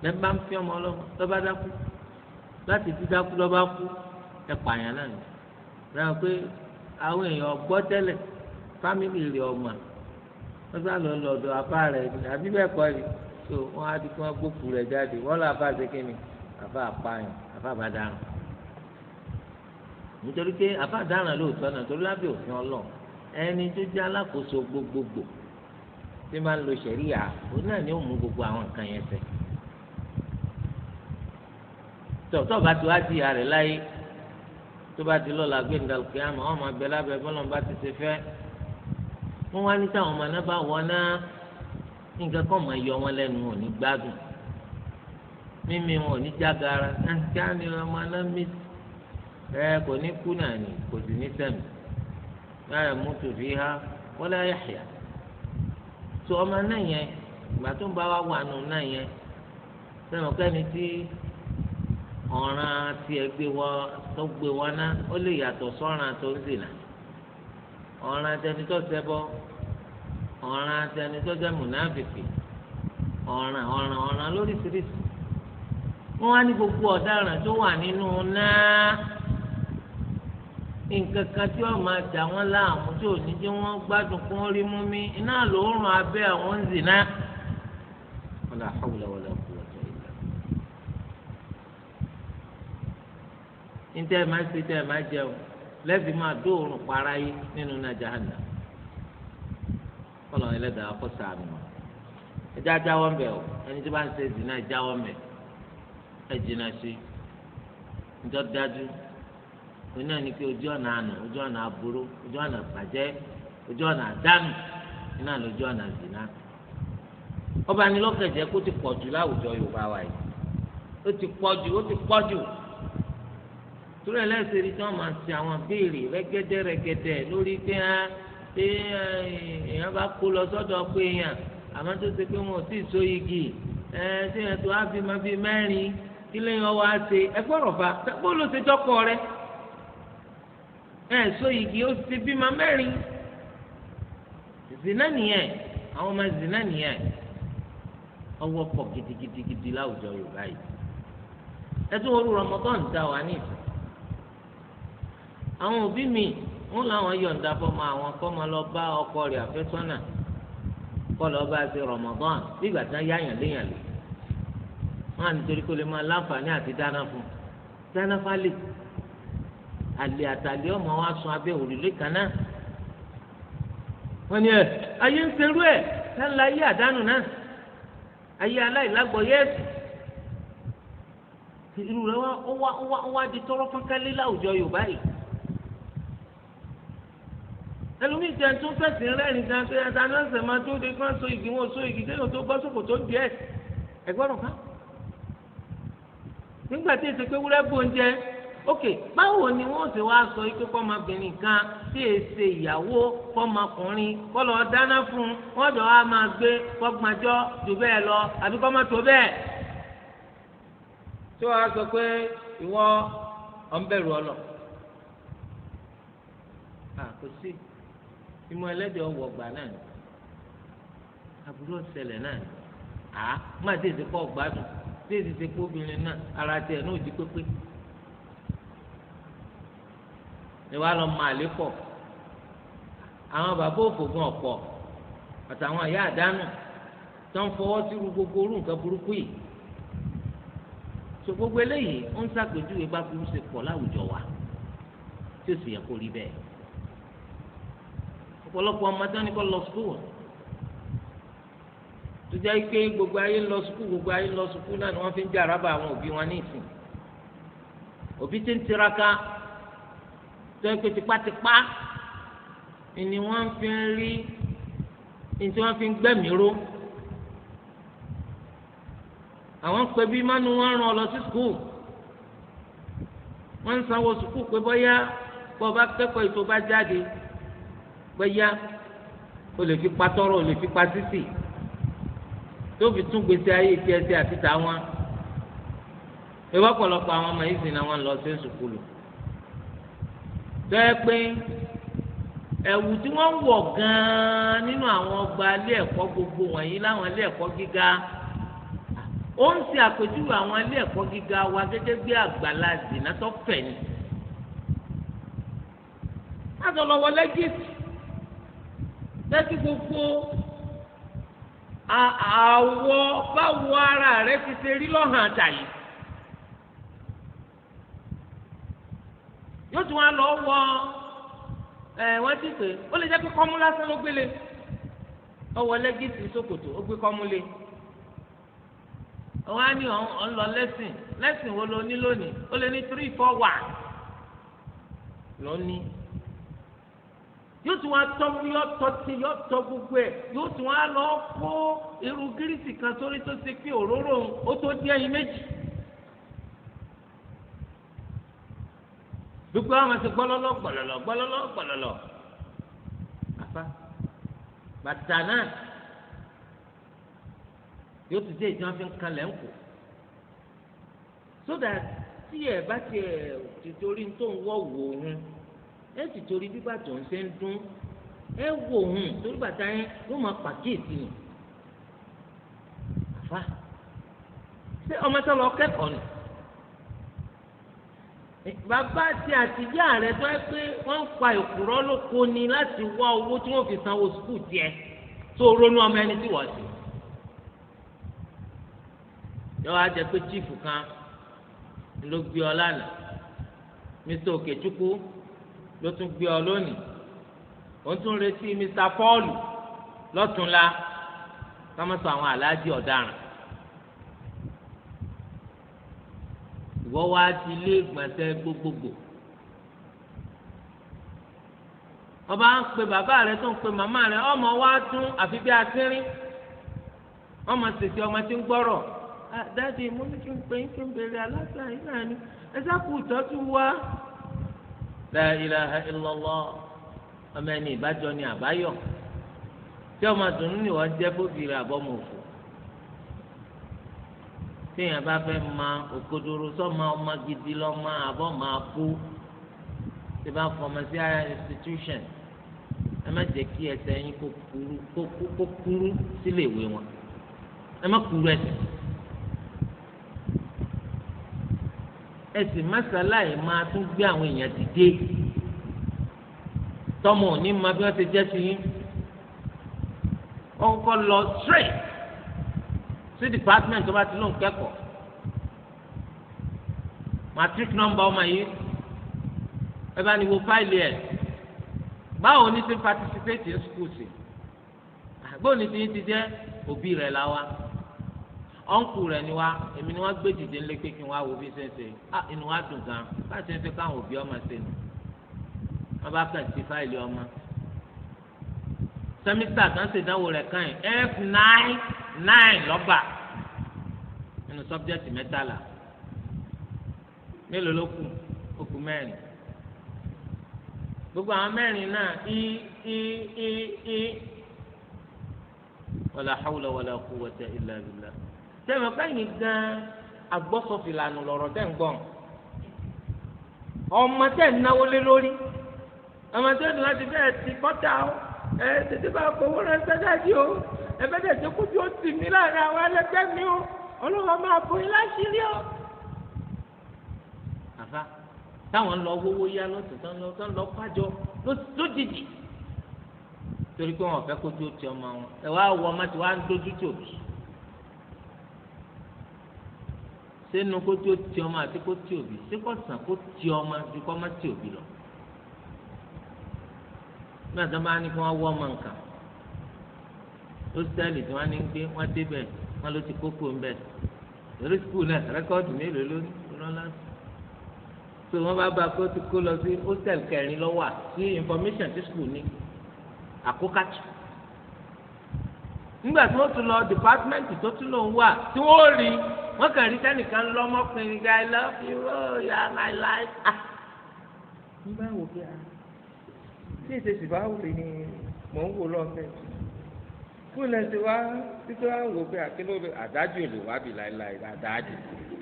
lẹ́nu bá ń fi ọmọ ọlọ́mọ lọ́ba dákú láti dídákú lọ́ba kú ẹ pààyàn náà ni rẹ̀ pé àwọn èèyàn gbọ́ tẹ́lẹ̀ fámìlì rẹ̀ ọ̀mà wọ́n sá lọ lọ́dọ̀ apá rẹ̀ ni àbí bẹ́ẹ̀ kọ́ ni so wọ́n á di kí wọ́n gbókù rẹ̀ jáde wọ́n lọ àbá ṣe kíni àbá àpààyàn àbá àbádáran nítorí pé àbá àdáran lóòótọ́ náà torí lábẹ́ òfin ọlọ́ọ̀ ẹni tó jẹ́ alákòóso gbogbogbò tí máa ń lo ṣẹ̀ríyà òun náà ni ó mú gbogbo àwọn nǹkan yẹn ṣẹ tọ́ bá ti wá di àrẹ láyé tó bá di lọ́la gbé ndàlù kí àmọ́ ọmọ abẹ lábẹ́ bọ́lọ̀ bá ti ṣe fẹ́ wọ́n wá ní táwọn ọmọ náà bá wọ́n náà nǹkan kan máa yọ wọn lẹ́nu wọn ní gbádùn mímí wọn ní jágara kíá ni ọmọ náà mí ẹ kò ní kú náà ní kò sì ní sẹ́mi láyà mútu fi há wọ́n láyà tó ọmọ náà yẹn ìgbà tó ń bá wa wà nù náà yẹn sẹ́mi ọ̀kẹ́ni tí. ọ̀ràn tí ẹ gbé tó gbé wá ná ó lè yàtọ̀ sọ́ràn tó ń zìnà ọ̀ràn tẹni tó ṣẹbọ ọ̀ràn tẹni tó jẹ́ mùnáfìkì ọ̀ràn ọ̀ràn ọ̀ràn lóríṣiríṣi wọ́n ní gbogbo ọ̀daràn tó wà nínú náà nǹkan kan tí wọ́n máa jà wọ́n láàmú tí ò ní jẹ́ wọ́n gbádùn kún níta ẹ̀ máa ń ṣe níta máa jẹun lẹ́sìn máa oorun para yìí nínú náà jahanna kọlọ ẹlẹ́dàá kó sàánù wọn ẹjẹ́ ajáwọ́ ń o ẹni tí ṣe zina jáwọ́ ń ẹ jìnnà sí níjọ́ dájú òun náà ní pé ojú ọ̀nà àná ojú ọ̀nà aburú ojú ọ̀nà ojú ọ̀nà àdánù iná lójú ọ̀nà ọba ni lọ́kẹ̀jẹ́ kó ti láwùjọ Yorùbá wa yìí ó ti ó ti torí ẹ lẹ́sẹ̀ rí tí wọ́n máa ṣe àwọn béèrè rẹ́gẹ́dẹ́ rẹ́gẹ́dẹ́ lórí pé hàn ah, pé eh, èèyàn bá kó lọ sọ́dọ̀ pé èèyàn àmọ́ tó ṣe pé wọn ò tí ì so igi ẹ ṣé yẹn tó á fi máa fi mẹ́rin kí lẹ́yìn ọwọ́ á ṣe ẹ gbọ́dọ̀ fa bó ló ṣe tọkọ rẹ ẹ so igi ó ti bímọ mẹ́rin zina nìyẹn àwọn ọmọ zina nìyẹn ọwọ́ pọ̀ gidigidigidi láwùjọ Yorùbá yìí ẹ tún wọ́n rú Ramadan dá wa ní ìfẹ́ àwọn òbí mi wọn làwọn yọ̀ǹda fọmọ àwọn kọ́mọ lọ bá ọkọ rẹ̀ àfẹ́sọ́nà kọ́ lọ bá ṣe Ramadan nígbà tí wọ́n yáyàn léyàn lè wọn à nítorí kó lè máa láǹfààní àti dáná fún dáná fálè àlè àtàlè ọmọ wa sun abẹ́ òrùlé kan náà wọ́n ní ẹ ayé ń serú ẹ̀ sẹ́ńlá ayé àdánù náà ayé aláìlágbọ̀ yẹ́sì irú rẹ̀ wá wá wá di tọrọ fọ́nkálé láwùjọ Yorùbá yìí ẹlòmíì jẹ́ tó fẹ̀sì rẹ́rìn gan tó yẹ ta ní ọ̀sẹ̀ máa tó de kán so igi wọn so igi déyìn tó gbọ́ sóko tó di ẹ̀ ẹ̀gbọ́n ká. nígbà tí èsì pé wúrẹ́ bò ń jẹ ok báwo ni wọ́n sì wá sọ pé kọ́mọbìnrin kan tí èsè ìyàwó kọ́mọkùnrin kọ́ lọ dáná fún un wọ́n jọ wá máa gbé kọ́gbọ́njọ́ jù bẹ́ẹ̀ lọ àbí kọ́mọ tó bẹ́ẹ̀. tí wọ́n á sọ pé ìwọ ọ̀ ń bẹ̀rù ọ lọ. à kò ìmọ̀ ẹlẹ́dẹ̀ ọwọ́ gbà náà ni àbúrò ṣẹlẹ̀ náà ni à má tètè kọ́ gbádùn tètè tètè kó obìnrin náà ara tiẹ̀ náà di pépé ìwà lọ mọ àlè pọ̀ àwọn bàbá òfògùn ọ̀pọ̀ àtàwọn àyà àdánù tó ń fọwọ́ sírú gbogbo orú nǹkan burúkú yìí so gbogbo eléyìí ó ń ṣàpèjúwe bá burú ṣe pọ̀ láwùjọ wa tí ó sì yẹ kó rí bẹ́ẹ̀ ọ̀pọ̀lọpọ̀ ọmọ tán ni kò lọ sukùl tó jẹ́ pé gbogbo ayé lọ sukùl gbogbo ayé lọ sukùl náà ni wọ́n fi ń jà rábà àwọn òbí wọn ní òbí tí ń tiraka tó yẹ pé tipátipá ni wọ́n fi ń rí ni tí wọ́n fi ń gbẹ̀míró àwọn pé bí mánu wọn rán ọ lọ sí sukùl wọ́n ń sanwó sukùl pé bọ́yá bọ́ ọ ètò bá jáde bóyá o lè fi pa tọrọ o lè fi pa títì tó fi tún gbèsè ayé tiẹ̀ sí àti tàwọn ewu ọ̀pọ̀lọpọ̀ àwọn ọmọ yìí sì náà wọ́n lọ sí sùkúlù bẹ́ẹ̀ pé ẹ̀wù tí wọ́n ń wọ̀ gan-an nínú àwọn ọgbà ilé ẹ̀kọ́ gbogbo wọ̀nyí láwọn ilé ẹ̀kọ́ gíga ó ń ṣe àpèjúwe àwọn ilé ẹ̀kọ́ gíga wa gẹ́gẹ́ bí àgbàlá zìnnà tó fẹ̀ ni. látọ̀ lẹ́kí gbogbo àwọ̀ báwo ara rẹ ti ṣe rí lọ́hàn àtà yìí. yóò tún wá lọ wọ ẹ wọ́n ti pè ó lè jẹ́ pé kọ́mú lásán ló gbélé ọwọ́ lẹ́gìsì sókòtò ó gbé kọ́mú lé wọ́n á ní ọ̀ ń lọ lẹ́sìn lẹ́sìn wo ló ní lónìí ó lè ní three four one lónìí yóò tún wá tọ́ yọ tọ́ ti yọ tọ́ gbogbo ẹ̀ yóò tún wá lọ kó irú gírísì kan sórí tó ṣe pé òróró ó tó dín ẹyin méjì. dúpẹ́ àwọn ti gbọ́lọ́lọ́ gbọ̀lọ́lọ́ gbọ́lọ́lọ́ gbọ̀lọ́lọ́ àfa bàtà náà yóò tún dé ìjọ fi ń kalẹ̀ ń kù sódà tí ẹ̀ bá tiẹ̀ tìtorí tó ń wọ̀ wò ó ẹ sì torí bíbà tó ń ṣe ń dún ẹ wò hùn torí bàtà yẹn yóò máa pàkíyèsí ni àfa ṣé ọmọ tó lọ kẹ́kọ̀ọ́ ni bàbá àti àtìyá rẹ tó ẹ pé wọn ń pa ìkùrọ lóko ni láti wá owó tí wọn fi sanwó sùkúù tiẹ̀ tó ronú ọmọ ẹni tí wọ́n ti. yọ wá jẹ pé chiefu kan ló gbé ọ lánàá Mr. Okechukwu ló tún gbé ọ lónìí ó tún retí Mr Paul lọ́túnla kámọ́sọ àwọn aláàjì ọ̀daràn ìwọ́ wá ti ilé ìgbọ̀nsẹ̀ gbogbogbò ọba ń pe bàbá rẹ tó ń pe màmá rẹ ọmọ wa tún àfi bí asínrín ọmọ sèse ọmọ tí ń gbọ́rọ̀ ah, dáàdi mo ní kí n pè é kí n béèrè aláṣà yìí náà ni ẹ sá kú ìtọ́jú wa la ilaha illallah ọmọ ẹni ìbájọ ni àbáyọ tí ọmọ àdùnnú ni wọ́n jẹ́ fóbìrì àbọ̀mọ̀ òfò téèyàn bá fẹ́ ma òkodoro sọ́ma ọmọ gidi lọ́ma àbọ̀ máa kú tí bá fọmọ sí higher institution ẹ má jẹ́ kí ẹsẹ̀ yín kó kúrú sílé ìwé wọn ẹ má kúrú ẹsẹ̀. ẹsìn mẹsàláì máa tún gbé àwọn èèyàn dìde tọmọ òní máa bí wọn ti jẹ sí yín wọn kọ lọ straight sí department tó bá ti lóun kẹ́kọ̀ọ́ matric number ọmọ yìí ẹ bá ní wo fáìlì ẹ báwo ni ti participate in school sí báwo ni ti ti jẹ òbí rẹ la ọ̀nkù rẹ̀ ni wá èmi ni wọ́n gbé dìde ńlẹ́ pé kí wọ́n á wo bí sẹ́sẹ́ à inú wa dùn gan bá a ṣe ń fẹ́ káwọn òbí ọmọ ṣe nù wọ́n bá kàn sí fáìlì ọmọ sẹ́mítà kan ṣèdánwò rẹ̀ kàn yín f nine nine lọ́gbà nínú sọ́bjẹ́tì mẹ́tàlá mélòó ló kù ó mẹ́rin gbogbo àwọn mẹ́rin náà í í í í wàlà hàwùlà wàlà kú wọ́tẹ́ ìlà bìlà sẹ́mi ọ̀káyìn gan agbọ́sọ̀fìlànà lọ̀rọ̀ tẹ̀ ń gbọ̀n ọmọ tẹ̀ ń náwó lé lórí ọmọ tẹ̀ ń láti fẹ́ẹ̀ ti kọ́tà ó ẹ tètè bá fowó rẹ sẹ́dájì ó ẹ fẹ́ tètè kújú ó tì mí láàrin àwọn ẹlẹgbẹ́ mi ó ọlọ́wọ́ máa bọ ilé àṣírí ó. àfa táwọn lọ wówó yá lọ́sùn tán lọ tán lọ pàjọ lójijì torí pé wọn fẹ́ kójú ó ti ọmọ wọn ẹ wá wọ ọmọ tí wàá ń dojú tì òbí. sẹ́nu kó tí o ti ọmọ àti kó tí òbí ṣé kò sàn kó ti ọmọ ju kó má ti òbí lọ. nígbà tó bá ní kí wọ́n wọ́ ọmọ nǹkan ó sẹ́ẹ̀lì tí wọ́n ní gbé wọ́n débẹ̀ wọ́n ló ti kókó ń bẹ̀. lórí skul náà rẹ́kọ́ọ̀dù mélòó ló ní rọ́lá tó wọ́n bá bá kó ti kó lọ sí hostel kẹrin lọ́wọ́ sí information ti skul ní àkókàtù nígbà tí wọ́n tún lọ dìpátímẹ́ǹtì tó tún lòún wà tí wọ́n rí i wọ́n kàn rí sẹ́nìkan lọ́mọkùnrin gba i love you oh you are my life. n ah. bá wò ah, bí a tí èsè sì bá wùlé ni mò ń wò lọ́ọ̀fẹ́ fún ẹsẹ̀ wa títí wa wò pé àkínlódé ah, àdájù èlò wà bí láéláé àdájù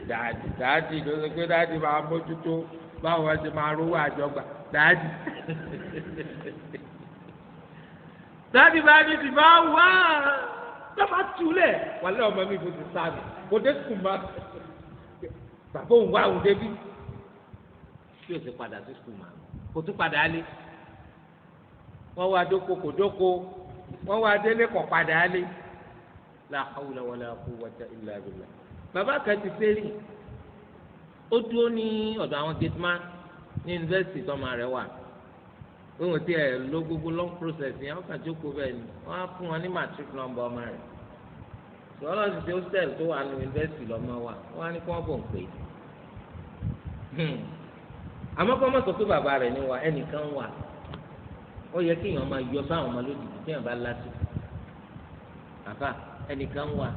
dáàdì dáàdì ló sọ pé dáàdì máa mójútó báwo ẹ ti máa rówó àjọgbà dáàdì dáàdì bá ní ti bá wá lọ́ba túlẹ̀ wàlẹ́ ọmọ mi bó ti sá mi kó dé sùkùl má bàbá òun wá òun débi tí o sì padà sí sùkùl má kò tún padà lé wọn wá dóko kò dóko wọn wá délé kò padà lé la hawla wala quwwata illa billah bàbá kan ti sẹ́rì ó dúró ní ọ̀dọ̀ àwọn gẹ́tìmá ní yunifásitì tọ́mọ rẹ̀ wà wọ́n ti ẹ̀ lọ gbogbo long process yẹn wọ́n kàn jókòó bẹ́ẹ̀ ni wọ́n á fún wọn ní matric number ọmọ rẹ̀ ìwọ náà ti ṣe hostel tó wà ní yunifásitì lọ́mọ wa wọ́n á ní kí wọ́n bọ̀ ń pè é hmm. àmọ́ kọ́ mọ̀ sọ pé bàbá rẹ̀ ni wà ẹnìkan wà ó yẹ kéèyàn máa yọ sáwọn ọmọ lójijì kéèyàn bá lásìkò bàbá ẹnìkan wà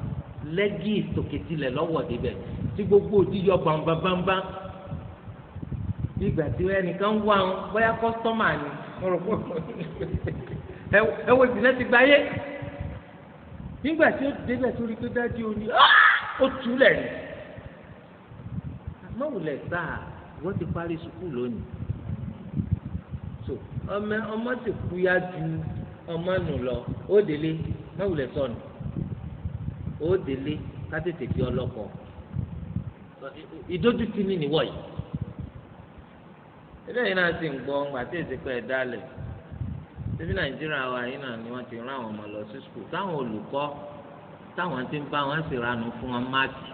lẹ́gì ìsòkètìlẹ̀ lọ́wọ́ débẹ̀ tí gbogbo òdì yọ bambambamba ìgbà tí ẹnìkan wà ń bóyá kọ́sítọ́mà ni ẹ wo ìdílé ti gbáyé nígbà tí ó débẹ̀ tó rí pé dájú oní ah! ó túlẹ̀ ni àmọ́ wùlẹ̀ sáà wọ́n ti parí sukùl lónìí so ọmọ ọmọ ti kúya ju ọmọ nù lọ ó délé má wùlẹ̀ sọnù ó délé ká tètè fi ọlọ́kọ̀ ìdójútì ni nìwọ̀ yìí eléyìí náà sì ń gbọ́ ńgbà tí èsì pẹ́ dálẹ̀ níbi nàìjíríà wa yìí náà ni wọ́n ti rán àwọn ọmọ lọ sí skul táwọn olùkọ́ táwọn ti ń bá wọn sì ranù fún wọn máàkì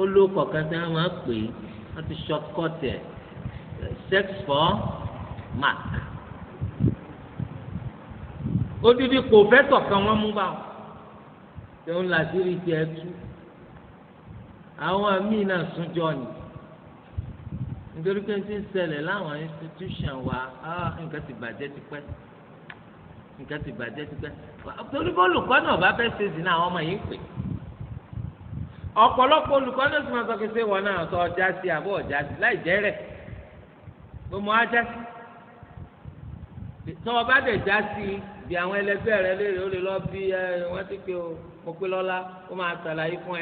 ó ló kọ̀ọ̀kan tí wọ́n máa pè é wọ́n ti ṣọkọ́tì ẹ̀ sex for mark odidi kò fẹ́ tọ̀kan wọ́n mú bá wọn tẹ̀wọ́n làdírí tiẹ̀ tú àwọn míì náà súnjọ́ ni nítorí pé ti ń ṣẹlẹ̀ láwọn institution wa nǹkan ti bàjẹ́ tipẹ́ nǹkan ti bàjẹ́ tipẹ́ torí bó olùkọ́ náà bá fẹ́ ṣe sí náà àwọn ọmọ yìí ń pè ọ̀pọ̀lọpọ̀ olùkọ́ náà sì máa sọ pé ṣé wọn náà sọ ọjà sí àbọ̀ ọjà sí láì jẹ́ rẹ̀ pé mo á já sí tí wọn dẹ̀ já sí bí àwọn ẹlẹgbẹ́ rẹ léèrè ó lè lọ bí wọ́n ti pé o mo pé lọ́la ó máa ṣàlàyé fún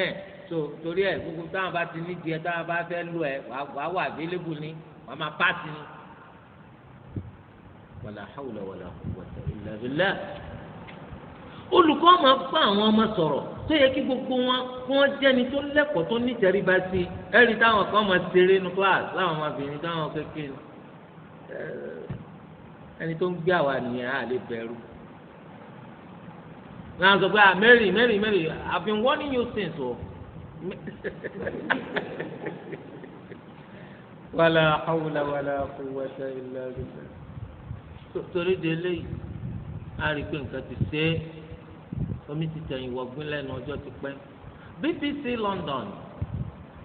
ẹ so torí ẹ gbogbo táwọn bá ti ní tiẹ táwọn bá fẹ́ lò ẹ wàá wà available ni wàá máa pàṣẹ ni. wàlà hàwùlà wàlà quwwata illa billah. olùkọ́ máa bá àwọn ọmọ sọ̀rọ̀ tó yẹ kí gbogbo wọn kí wọ́n jẹ́ni tó lẹ́kọ̀ọ́ tó níjẹ̀ríba sí i. ẹ̀rí táwọn kan máa ṣeré nu class láwọn ọmọbìnrin táwọn kékeré ẹni tó ń gbé àwa nìyẹn á lè bẹ̀rù náà ah, Mary Mary Mary I have been warning you since o. Oh wàlà àwùlà wàlà quwwata illa billah torí de eléyìí a rí i pé nǹkan ti ṣe é omi ti tẹ̀yìn wọ̀gbìn lẹ́nu ọjọ́ ti pẹ́ BBC London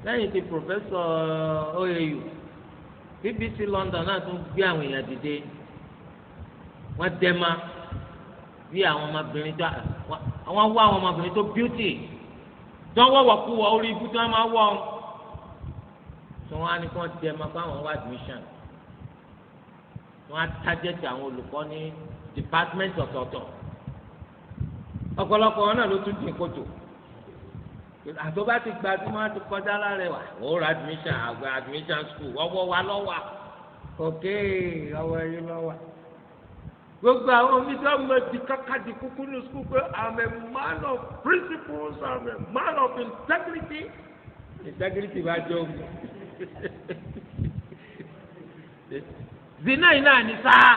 lẹ́yìn tí Professor Oyeyu BBC London náà tún gbé àwọn èèyàn dìde wọ́n dẹ́ ma bí àwọn ọmọbìnrin tó àwọn wá àwọn ọmọbìnrin tó beauty tí wọ́n wọ̀wọ̀ kú wọ orí ibú tí wọ́n máa wọ̀ ọ́n tí wọ́n á ní kí máa fáwọn wá admission wọ́n á tájẹ́tì àwọn olùkọ́ ní department ọ̀tọ̀ọ̀tọ̀ ọ̀pọ̀lọpọ̀ wọn náà ló tún dín kótó àtọ́bá ti gba tí wọ́n ti kọjá lára wa ó admission àgbà admission school ọwọ́ wa lọ́wọ́ ok ọwọ́ ẹ̀yìn lọ́wọ́ gbogbo àwọn omi mọ di kaka di kúkú ní sukuu pé i'm a man of principles i'm a man of integrity integrity bá jọ òkú zina yìí náà ní sáà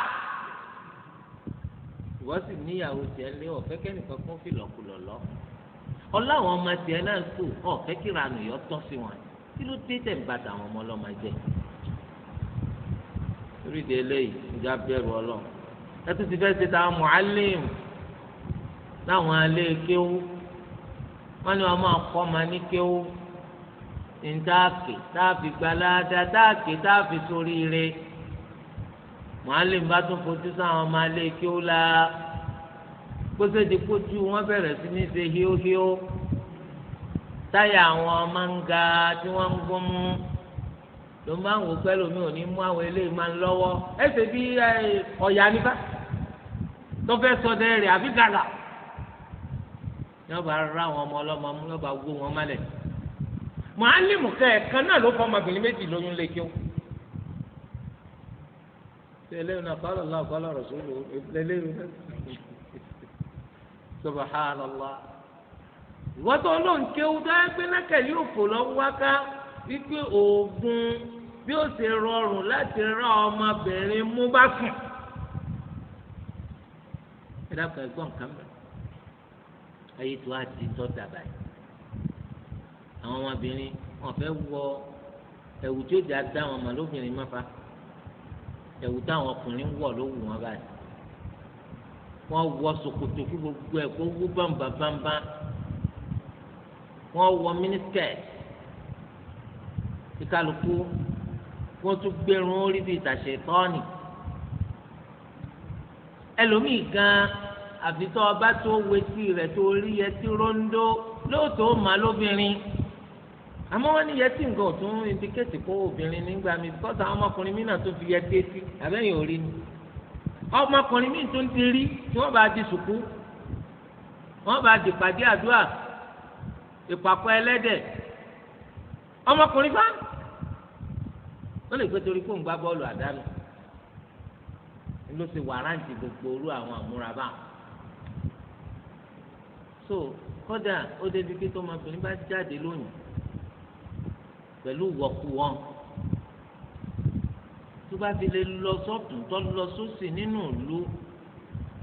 ìwọ sì níyàwó tiẹ̀ lé ọ̀fẹ́ kẹ́nìkan kún fìlọ́kulọ̀ lọ ọláwọn ọmọ tiẹ̀ náà sù ọ̀fẹ́ kíranù yọ tọ́ sí wọn kí ló dé tẹ̀ ń bá tàwọn ọmọ ọlọ́mọ jẹ. orí de eléyìí ìjà bẹ̀rù ọlọ́run ẹtù ti fẹ́ ṣe táwọn mọ̀álẹ́m láwọn alẹ́ kéwú wọ́n ní wọ́n máa kọ́ ọmọ ní kéwú ntaake táàfi gbalada táàkì táàfi sórí ire mọ̀álẹ́m bá tún fojú sáwọn ọmọ alẹ́ kéwú la gbọ́sẹ̀ di kójú wọ́n bẹ̀rẹ̀ sí ní ṣe híóhíó táyà àwọn ọmọ ń ga tí wọ́n ń gún ló máa ń wò pẹ́ lómi ò ní mú àwọn eléyìí máa ń lọ́wọ́ ẹ ṣe bí ọ̀yà nípa tó fẹ́ sọdẹ rẹ̀ àbí gàlà yóò bá ra àwọn ọmọ ọlọ́mọ mú yóò bá wó wọn mọ́lẹ̀ màálìmù kẹ ẹ̀kan náà ló fọ ọmọbìnrin méjì lóyún lékè ó lẹ́lẹ́yìn náà kọ́ lọ́la kọ́ lọ́rọ̀ sólò lẹ́lẹ́yìn náà subhanallah ìwọ́n tó ló ń ké wú dáa pé nákẹ́lí òfò lọ́wọ́ wáká wípé oògùn bí ó ṣe rọrùn láti rán ọmọbìnrin mú bá sùn ẹ dákun ẹ gbọ́ nǹkan mẹ́rin ayé tó a ti tọ́ dàbà yìí àwọn ọmọbìnrin wọn fẹ́ wọ ẹ̀wù tí ó di adá wọn mà lóbìnrin má fa ẹ̀wù táwọn ọkùnrin wọ̀ ló wù wọn báyìí wọn wọ ṣòkòtò kí gbogbo ẹ̀ kó wú bàǹbà bàǹbà wọn wọ mínísítẹ̀t kíkálukú wọn tún gbẹrun orí bíi tàṣẹ tọ́ọ̀nì ẹlòmíì gan àfi tó ọba tó wetí rẹ̀ tó rí yẹtí rondo lóòótọ́ mà lóbìnrin àmọ́ wọ́n ní yẹtí nǹkan ò indicate kó obìnrin nígbà mi bọ́sà ọmọkùnrin mi náà tó fi yẹtí etí àbẹ́yìn ò rí ni ọmọkùnrin mi tó ń ti rí tí wọ́n bá di sùkú wọ́n bá di pàdé àdúrà ìpàkọ́ ẹlẹ́dẹ̀ ọmọkùnrin bá ó lè gbé torí kó ń gbá bọ́ọ̀lù àdánù ló ṣe wàrántì gbogbo orú àwọn àmúrabá so kódà ó débi pé tọmọbìnrin bá jáde lónìí pẹ̀lú wọ̀kú wọn tó bá fi lè lọ sọ́tún tó lọ sósì nínú ìlú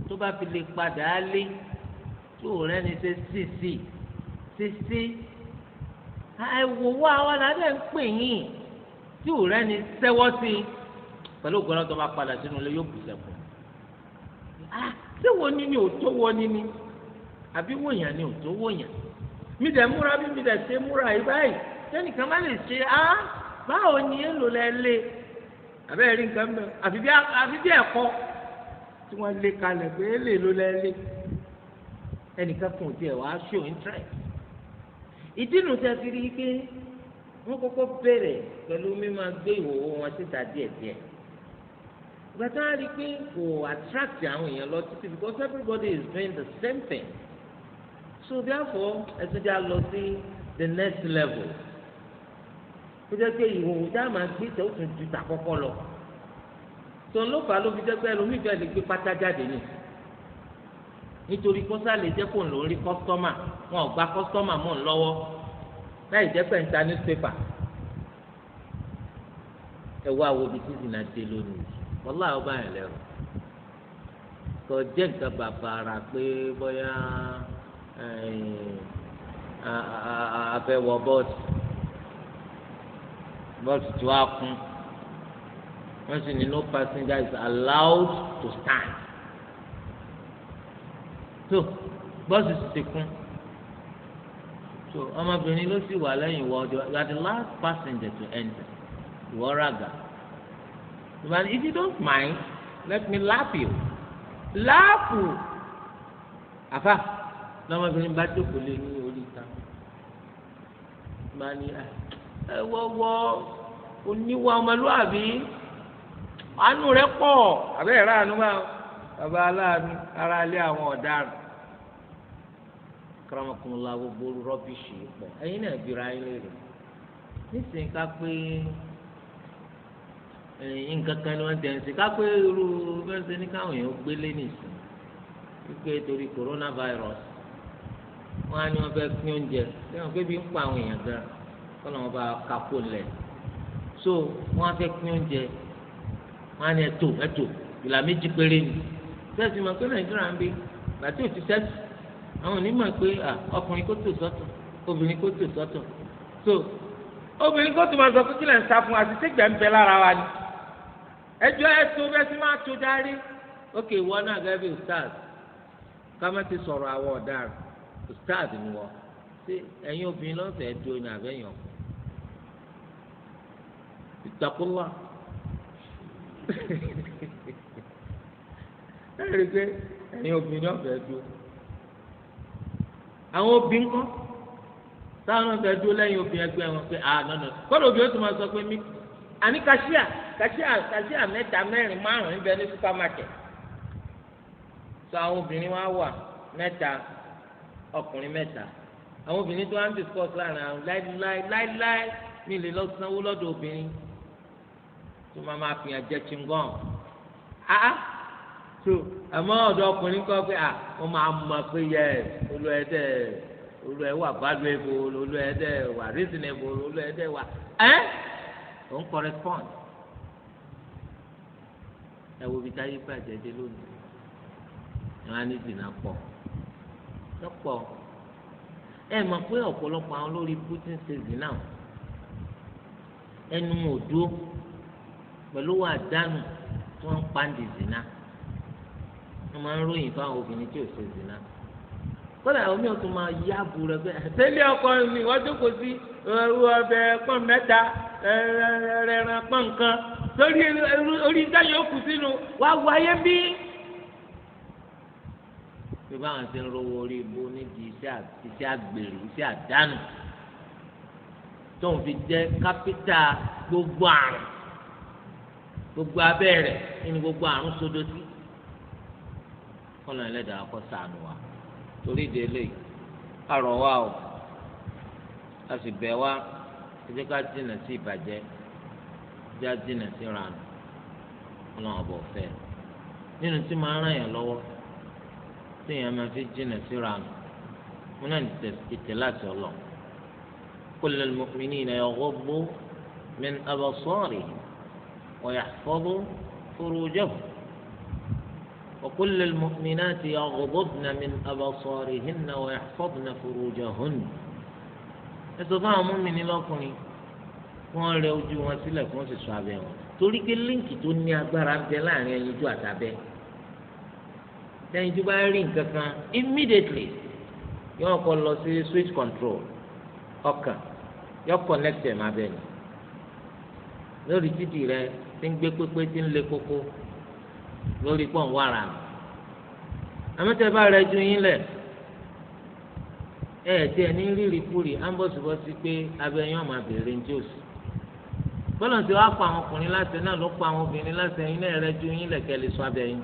tó bá fi lè padà á lé tó rẹ́ni ṣe sísì sísì ẹ̀wò wa wọn ń pè yín tí rẹ́ni sẹ́wọ́ sí i pẹ̀lú ògbọ́n náà tó bá padà sínú ilé yóò bù sẹ́kù ah ṣé wo ni ni òtó wo ni ni àbí wòyàn ni òtó wòyàn mi dẹ̀ múra bí mi dẹ̀ ṣe múra yìí báyìí sẹ́nìkan má lè ṣe ah báwo ni yẹn lò lẹ́lẹ́ àbẹ́ rí nǹkan mẹ́ àfi bí ẹ̀kọ́ tí wọ́n lé kalẹ̀ pé lè lò lẹ́lẹ́ ẹnìkan kùn tiẹ̀ wá ṣó interest ìdí nu tẹ́ fi rí i pé wọ́n kọ́kọ́ bẹ̀rẹ̀ pẹ̀lú mímọ gbé ìwòwò wọn síta díẹ̀díẹ̀ gbàtà rí pé kò attract àwọn èèyàn lọ títí because everybody is doing the same thing so therefore ẹsẹ̀ jẹ́ àlọ́ sí the next level ó jẹ́ pé ìhòòhò tá a máa gbé tẹ̀ ó tún ju tàkọ́kọ́ lọ tòun ló fà á ló fi jẹ́ pé ẹlòmíì fẹ́ lè gbé pátá jáde ni nítorí kọ́sá lè jẹ́ kó ń lò rí kọ́sítọ́mà wọn ò gba kọ́sítọ́mà mọ́ ń lọ́wọ́ láì jẹ́ pé ń ta newspaper ẹ wá wo ibi tí ìdìnnà dé lónìí wàlá ọba yẹn lẹ́rù kò jẹ́ nǹkan bàbàrà pé bóyá àfẹ́wọ̀ eh, eh, bọ́ọ̀sì bọ́ọ̀sì tí wàá kún wọ́n sì ní no passenger is allowed to stand so bọ́ọ̀sì sì ti kún so ọmọbìnrin ló sì wà lẹ́yìn wọ́ọ́dọ̀ you are the last passenger to enter ìwọ́ràgà. Man, if you don't mind, let me laugh you. Laugh you. Afa? lọ́mọbìnrin bá jókòó lé ní orí ìta. Màá ní ah, ẹ wọ́wọ́ oníwà ọmọlúwàbí. Àánú rẹ pọ̀. Àbẹ́ ẹ̀rọ àánú máa bàbá aláàánú ara ilé àwọn ọ̀daràn. Kọ́mọkùnrin la gbogbo rọ́bìṣì pọ̀. Ẹyin náà bìrọ̀ ayé rẹ̀. Nísìnyí ká pé. nǹkan kan ni wọ́n tẹ̀ ń sìn ká irú bẹ́ẹ̀ ṣe ní káwọn èèyàn gbélé nìsín wípé torí coronavirus wọ́n á ní wọ́n fẹ́ pín oúnjẹ lẹ́yìn pé bí ń pa àwọn èèyàn gan kọ́ bá lẹ̀ so wọ́n á fẹ́ pín oúnjẹ wọ́n á ní ẹ̀tọ́ ẹ̀tọ́ ìlà méjì péré ni mọ̀ pé nàìjíríà ń bí bàtí ò ti àwọn onímọ̀ pé ọkùnrin ẹjọ́ ẹ̀sùn bẹ́ẹ̀ sì máa tó darí ókè ìwọ náà gẹ́gẹ́ bí ustaz kámẹ́ ti sọ̀rọ̀ àwọ̀ ọ̀daràn ustaz ni wọ́n ṣé ẹ̀yin obìnrin lọ́sẹ̀ẹ́ dúró ní abẹ́yàn ìtakùnlá ẹ̀rí pé ẹ̀yin obìnrin ọ̀fẹ́ dúró àwọn obìnrin kọ́ táwọn ọ̀fẹ́ dúró lẹ́yìn obìnrin ẹgbẹ́ wọn pé àná náà kọ́dọ̀ obìnrin ó tún máa sọ pé mí àní kàṣíà kàṣíà kàṣíà mẹ́ta mẹ́rin márùn-ún bẹ ní supermarket sọ àwọn obìnrin wa wà mẹ́ta ọkùnrin mẹ́ta àwọn obìnrin tó wá ń discuss láàrin àwọn láíláí láíláí mi lè lọ sanwó lọ́dọ̀ obìnrin tó máa máa fi hàn jẹ́ chingom ah so àmọ́ ọ̀dọ̀ ọkùnrin kọ́ pé à wọ́n máa mọ̀ pé yẹ olú ẹ̀dẹ̀ olú ẹ̀ wà valuable olú ẹ̀dẹ̀ wà reasonable olú ẹ̀dẹ̀ wà ẹ́ ò ń correspond ẹ wo ibi táyé bàjẹ́ dé lónìí ẹ wá ní ìdìnnà pọ̀ lọ́pọ̀ ẹ mọ̀ pé ọ̀pọ̀lọpọ̀ àwọn olórí putin ṣe zina ẹnu òdó pẹ̀lú àdánù tí wọ́n ń pa ń di zina wọ́n máa ń ròyìn fáwọn obìnrin tí ò ṣe zina kọ́lá àwọn míràn tún máa yá bu rẹ pé àtẹ́lẹ̀ ọkọ mi wọ́n jókòó sí ọbẹ̀ pọ́n mẹ́ta ẹran pọ́n nǹkan lórí orí dáyọ̀ kù sínú wá wọ ayé bí. bí báwọn ti ń rówó orí ibo nídìí iṣẹ́ àgbèrè iṣẹ́ àdánù tó ń fi jẹ́ kápítà gbogbo àrùn gbogbo abẹ́rẹ́ nínú gbogbo àrùn sódò sí kọ́lá ẹlẹ́dàá kọ́ sànù wa torí ìdè eléyìí àrọ̀ wa o a sì bẹ̀ wá ẹjẹ́ ká dínà sí ìbàjẹ́ ẹjẹ́ ká dínà sí ìranù ọlọ́run ọ̀bọ̀ fẹ́ nínú tí máa ń ràn yàn lọ́wọ́ tí èèyàn máa fi dínà sí ìranù wọn náà tètè láti ọlọ kullu al-mu'minina yaghuddu min absarihim wa yahfazu furujahum. وكل المؤمنات يغضضن من أبصارهن ويحفظن فروجهن إذا àwọn mọ́mìnì lọ́kùnrin wọ́n rẹ ojú wọn sílẹ̀ fún ṣèṣọ abẹ́ wọn torí pé líǹkì tó ní agbára ń bẹ láàrin ẹyinjú àtàbẹ́ ẹyinjú bá immediately yóò kọ́ lọ sí switch control ọkàn yóò connect ẹ̀ máa bẹ̀ ni lórí títì rẹ ti ń gbé le koko lórí pọ̀ ń wára bá rẹ ju yín lẹ̀ ẹ̀ tí ẹ̀ ní rírì kúrì ámbọ̀sibọ́sí pé abẹ́yẹn ọ̀mà bèrè ń bọ́lá ti wá pa àwọn ọkùnrin láti náà ló pa àwọn obìnrin láti ẹ̀yìn náà rẹ ju yín lẹ̀ kẹ́ sọ abẹ́yẹn.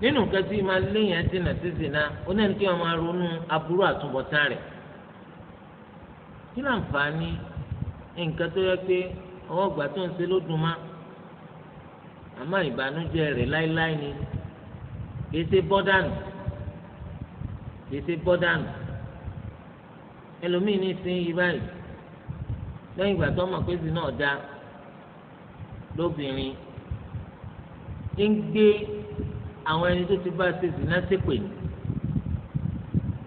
nínú nǹkan máa léyìn ẹtì náà títì náà ó náà ní kí wọn máa ronú aburú ọwọ́ ìgbà tó ń ṣe ló dùn má àmọ́ ìbànújẹ́ rẹ̀ láíláí ni kì í ṣe bọ́dànù kì í ṣe bọ́dànù ẹlòmíì ní sin yí báyìí lẹ́yìn ìgbà tó mọ̀ pé sí náà dá lóbìnrin ń gbé àwọn ẹni tó ti bá ṣe zìnnà ṣépè ní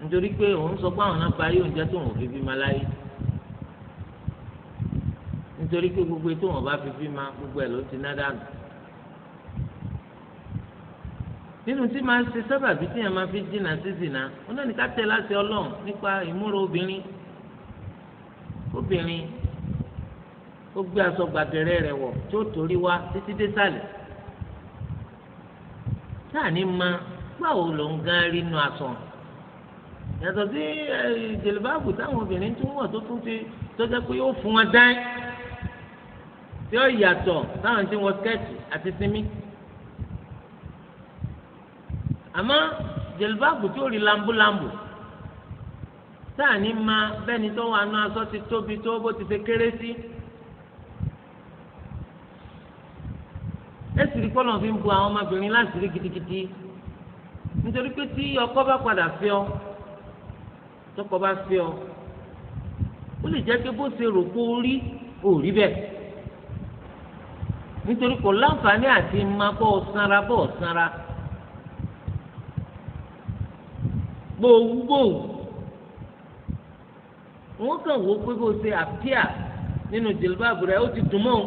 nítorí pé òun sọ pé àwọn náà parí oúnjẹ tó ń fi bímọ láyé nítorí pé gbogbo ètò wọn bá fi fi ma gbogbo ẹ̀ ló ti ná dànù nínú tí máa ń ṣe sábàbí tí yẹn máa fi dínà sí zìnà wọn náà ní ká tẹ láti Ọlọ́run nípa ìmúra obìnrin obìnrin ó gbé aṣọ gbàgẹrẹ rẹ̀ wọ̀ tí ó torí wá títí dé sàlẹ̀ táà ní ma báwo ló ń gan rí inú aṣọ yàtọ̀ sí ìjèlèbáàbù táwọn obìnrin tún wọ̀ tó tún ti tọjá pé ó fún wọn dán tí ó yàtọ̀ táwọn tí wọ́n skẹ́ẹ̀tì àti sinmi. àmọ́ jẹ̀lúbáàbù tí ó rí lambúlambù sáàní ma bẹ́ẹ̀ni tó wà nù aṣọ ti tóbi tó bó ti ṣe kéré sí. ẹ̀sì rí kọ́lọ̀ fi ń bu àwọn ọmọbìnrin láti rí gidigidi nítorí pé tí ọkọ bá padà fẹ́ ọ tọkọ bá fẹ́ ọ ó lè jẹ́ pé bó ṣe rò pé ó rí ò rí bẹ́ẹ̀ nítorí kò láǹfààní àti máa bọ́ sanra bọ́ sanra gbòòwú gbòòwú wọn kàn wò pé bó ṣe àpíà nínú jìlbáàbù rẹ ó ti dùn mọ́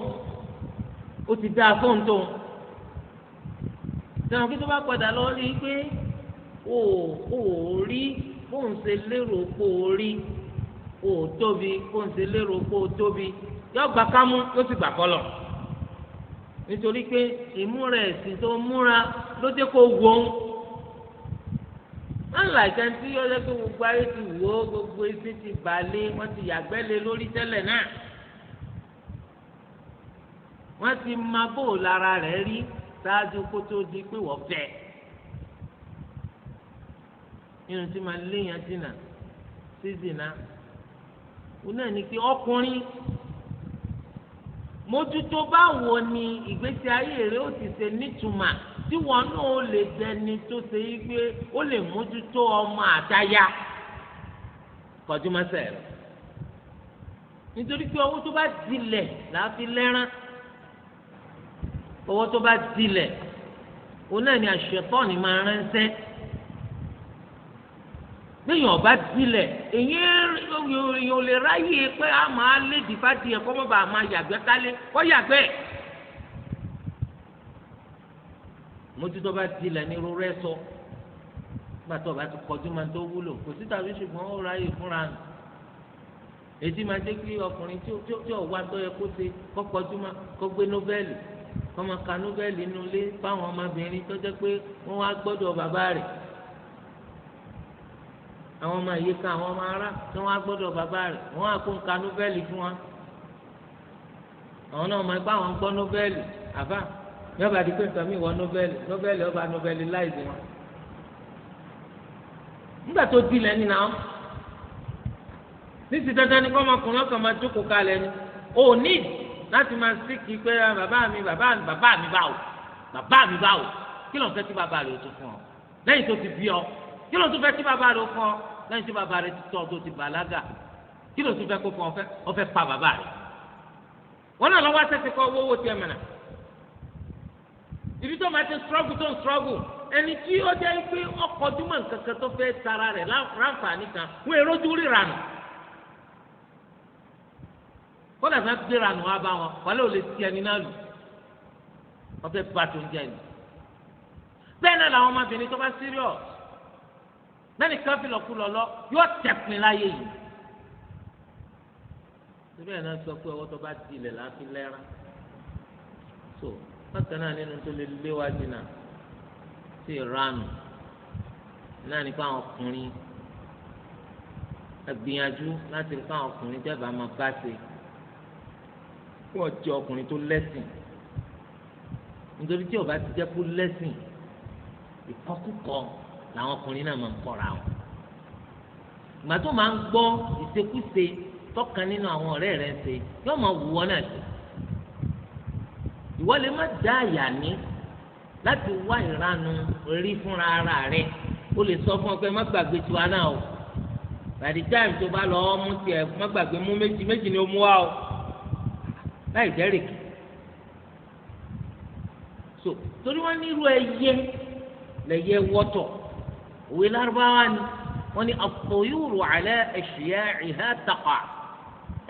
ó ti dáa fóun tó tẹ̀wọ̀n kí tó bá padà lọ rí i pé o ò rí bóun ṣe lérò pé o rí o ò tóbi bóun ṣe lérò pé o tóbi yọ gbà kámú yóò sì gbà lọ. nítorí pé ìmúra ẹ̀sìn tó múra ló jẹ́ kó wù ọ́n aláìsàn tí ọjọ́ gbogbo ti wò ó gbogbo ti bà lé wọ́n ti yàgbẹ́ lé lórí tẹ́lẹ̀ náà wọ́n ti ma bò lára rẹ̀ rí ṣáájú kó tó di pé wọ́n fẹ́ nínú tí léèyàn sí mójútó báwo ni ìgbésí ayé rẹ ó ti ṣe nítumà tí wọn náà ó lè dẹni tó ṣe yí pé ó lè mójútó ọmọ àtayá kọjú mọ́sẹ̀ rẹ̀ nítorí pé owó tó bá dilẹ̀ làá fi lẹ́rán owó tó bá dilẹ̀ òun náà ni àṣetọ́ ni máa ránṣẹ́ lẹ́yìn ọba dilẹ̀ èyí ò lè ráyè pé a máa lé dìbàdì ẹ̀ kọ́mọ́ a máa yàgbẹ́ kálé kọ́ yàgbẹ́. mójútó bá dilẹ̀ ní rúrẹ́ sọ gbàtọ́ bá ti kọjú máa tó wúlò kò sí tàbí ṣùgbọ́n ó ráyè fúnra nù. èyí máa jẹ́ kí ọkùnrin tí ò wá tó yẹ kó ṣe kọ́ kọjú máa kọ́ gbé nobẹ́ẹ̀lì kọ́ máa ka nobẹ́ẹ̀lì nulẹ̀ fáwọn ọmọbìnrin tó jẹ́ pé wọ́n wá gbọ́dọ̀ bàbá rẹ̀ àwọn ọmọ àyíká àwọn ọmọ ará tí wọ́n á gbọ́dọ̀ bàbá rẹ̀ wọ́n á kó nǹkan nọ́bẹ́lì fún wa àwọn náà máa gbá àwọn gbọ́ nọ́bẹ́lì àbá yọba di pé nǹkan mi wọ nọ́bẹ́lì nọ́bẹ́lì ọba nọ́bẹ́lì láìsí wọn. nígbà tó di lẹ́ni náà ní ti dandan ni kọ́mọkùnrin ọkàn máa jókòó kalẹ̀ ni ò ní láti máa síkì pé ah, bàbá mi bàbá mi bàbá mi báwo bàbá mi báwo kí ló ń fẹ́ tí bàbá rẹ̀ ó tún fún ọ lẹ́yìn tó ti bí ọ kí ló ń fẹ́ tí bàbá rẹ̀ ó fún ọ lẹ́yìn tí bàbá rẹ ti tọ́ tó ti bàlágà kí ló tún fẹ́ kó fún ọfẹ́ ọfẹ́ pa bàbá rẹ wọn náà lọ́wọ́ sẹ́sẹ́ kọ́ owó owó tiẹ̀ mẹ́nà ìdí tó máa ti struggle tó ń struggle ẹni tí ó jẹ́ pé ọkọ̀ dúmọ̀ nǹkan kan tó fẹ́ tara rẹ̀ ráǹfààní kan wọ́n èrò tó rí ranù kódà fẹ́ gbé ranù wá bá wọn wàlẹ́ ò lè ti ẹni náà lù ọfẹ́ bá tó ń jẹ́ ni bẹ́ẹ̀ náà làwọn ọmọbìnrin tó bá serious sani kan fi lọkù lọlọ yóò tẹpin láyé yìí torí ẹ̀ náà sọ pé ọwọ́ tó bá dilẹ̀ láti lẹ́ra so bákan náà nínú tó lè lé wá jìnnà sí ìranù náà nípa àwọn ọkùnrin agbìyànjú láti rí káwọn ọkùnrin jẹba máa bá ṣe kí wọ́n jẹ tó lẹ́sìn nítorí tí ó bá ti jẹ́ kó lẹ́sìn ìkọkúkọ. E làwọn ọkùnrin náà máa ń kọ́ra wọn ìgbà tó máa ń gbọ́ ìṣekúṣe tọ́kan nínú àwọn ọ̀rẹ́ rẹ̀ ṣe yóò máa wù wọ́n náà sí ìwọ lè má dá àyà ní láti wá ìranu rí fúnra ara rẹ̀ ó lè sọ fún ọ pé má gbàgbé tiwa náà o by the tó bá lọ ọ mú tiẹ̀ má gbàgbé mú méjì méjì ni ó mú wá o láì dẹ́rẹ̀kì so torí wọ́n ní irú ẹyẹ lẹ́yẹ wọ́tọ̀ òwe lárúbáwá ni wọ́n ní àpòyúrò alẹ́ ẹ̀ṣìyà ìhà tàkà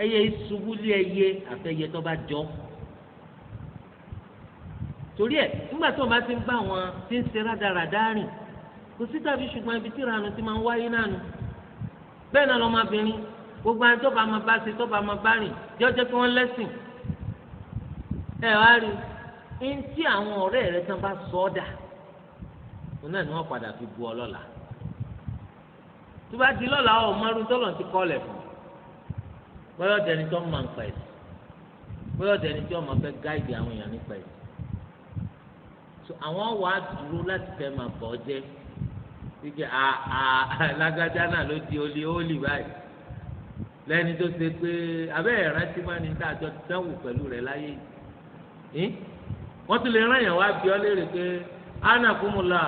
ẹyẹ ìṣubúlé ẹyẹ àfẹyẹ tó bá jọ torí ẹ nígbà tó o bá ti ń bá wọn ti ń ṣe rádaràdá rìn kò sí tàbí ṣùgbọ́n ibi tí ìranù ti máa ń wáyé náà nù bẹ́ẹ̀ náà lọ́mọbìnrin gbogbo àwọn tọ́ba máa bá ṣe tọ́ba máa bá rìn jọ́jọ́ kí wọ́n lẹ́sìn ẹ wá rí i ń tí àwọn ọ̀rẹ́ rẹ tán bá sọ ọ́ dà òun náà ni wọ́n padà fi bu ọ lọ́la tó bá di lọ́la ọ̀ márùn tọ́lọ̀ ti kọ́lẹ̀ fún bóyá ọ̀dẹni tó ń mọ̀ nípa ẹ̀sìn bóyá ọ̀dẹni tó ń mọ̀ fẹ́ gáìdì àwọn èèyàn nípa ẹ̀sìn so àwọn wà á dúró láti fẹ́ máa bọ̀ ọ́ a wíkẹ́ alágbájá náà ló di olè olè báyìí lẹ́ni tó ṣe pé abẹ́ ìrántí máa ní tá a jọ dánwò pẹ̀lú rẹ̀ láyé yìí hm? wọ́n tún lè rán èèyàn wá bí ọ léèrè pé ánà kúmùlà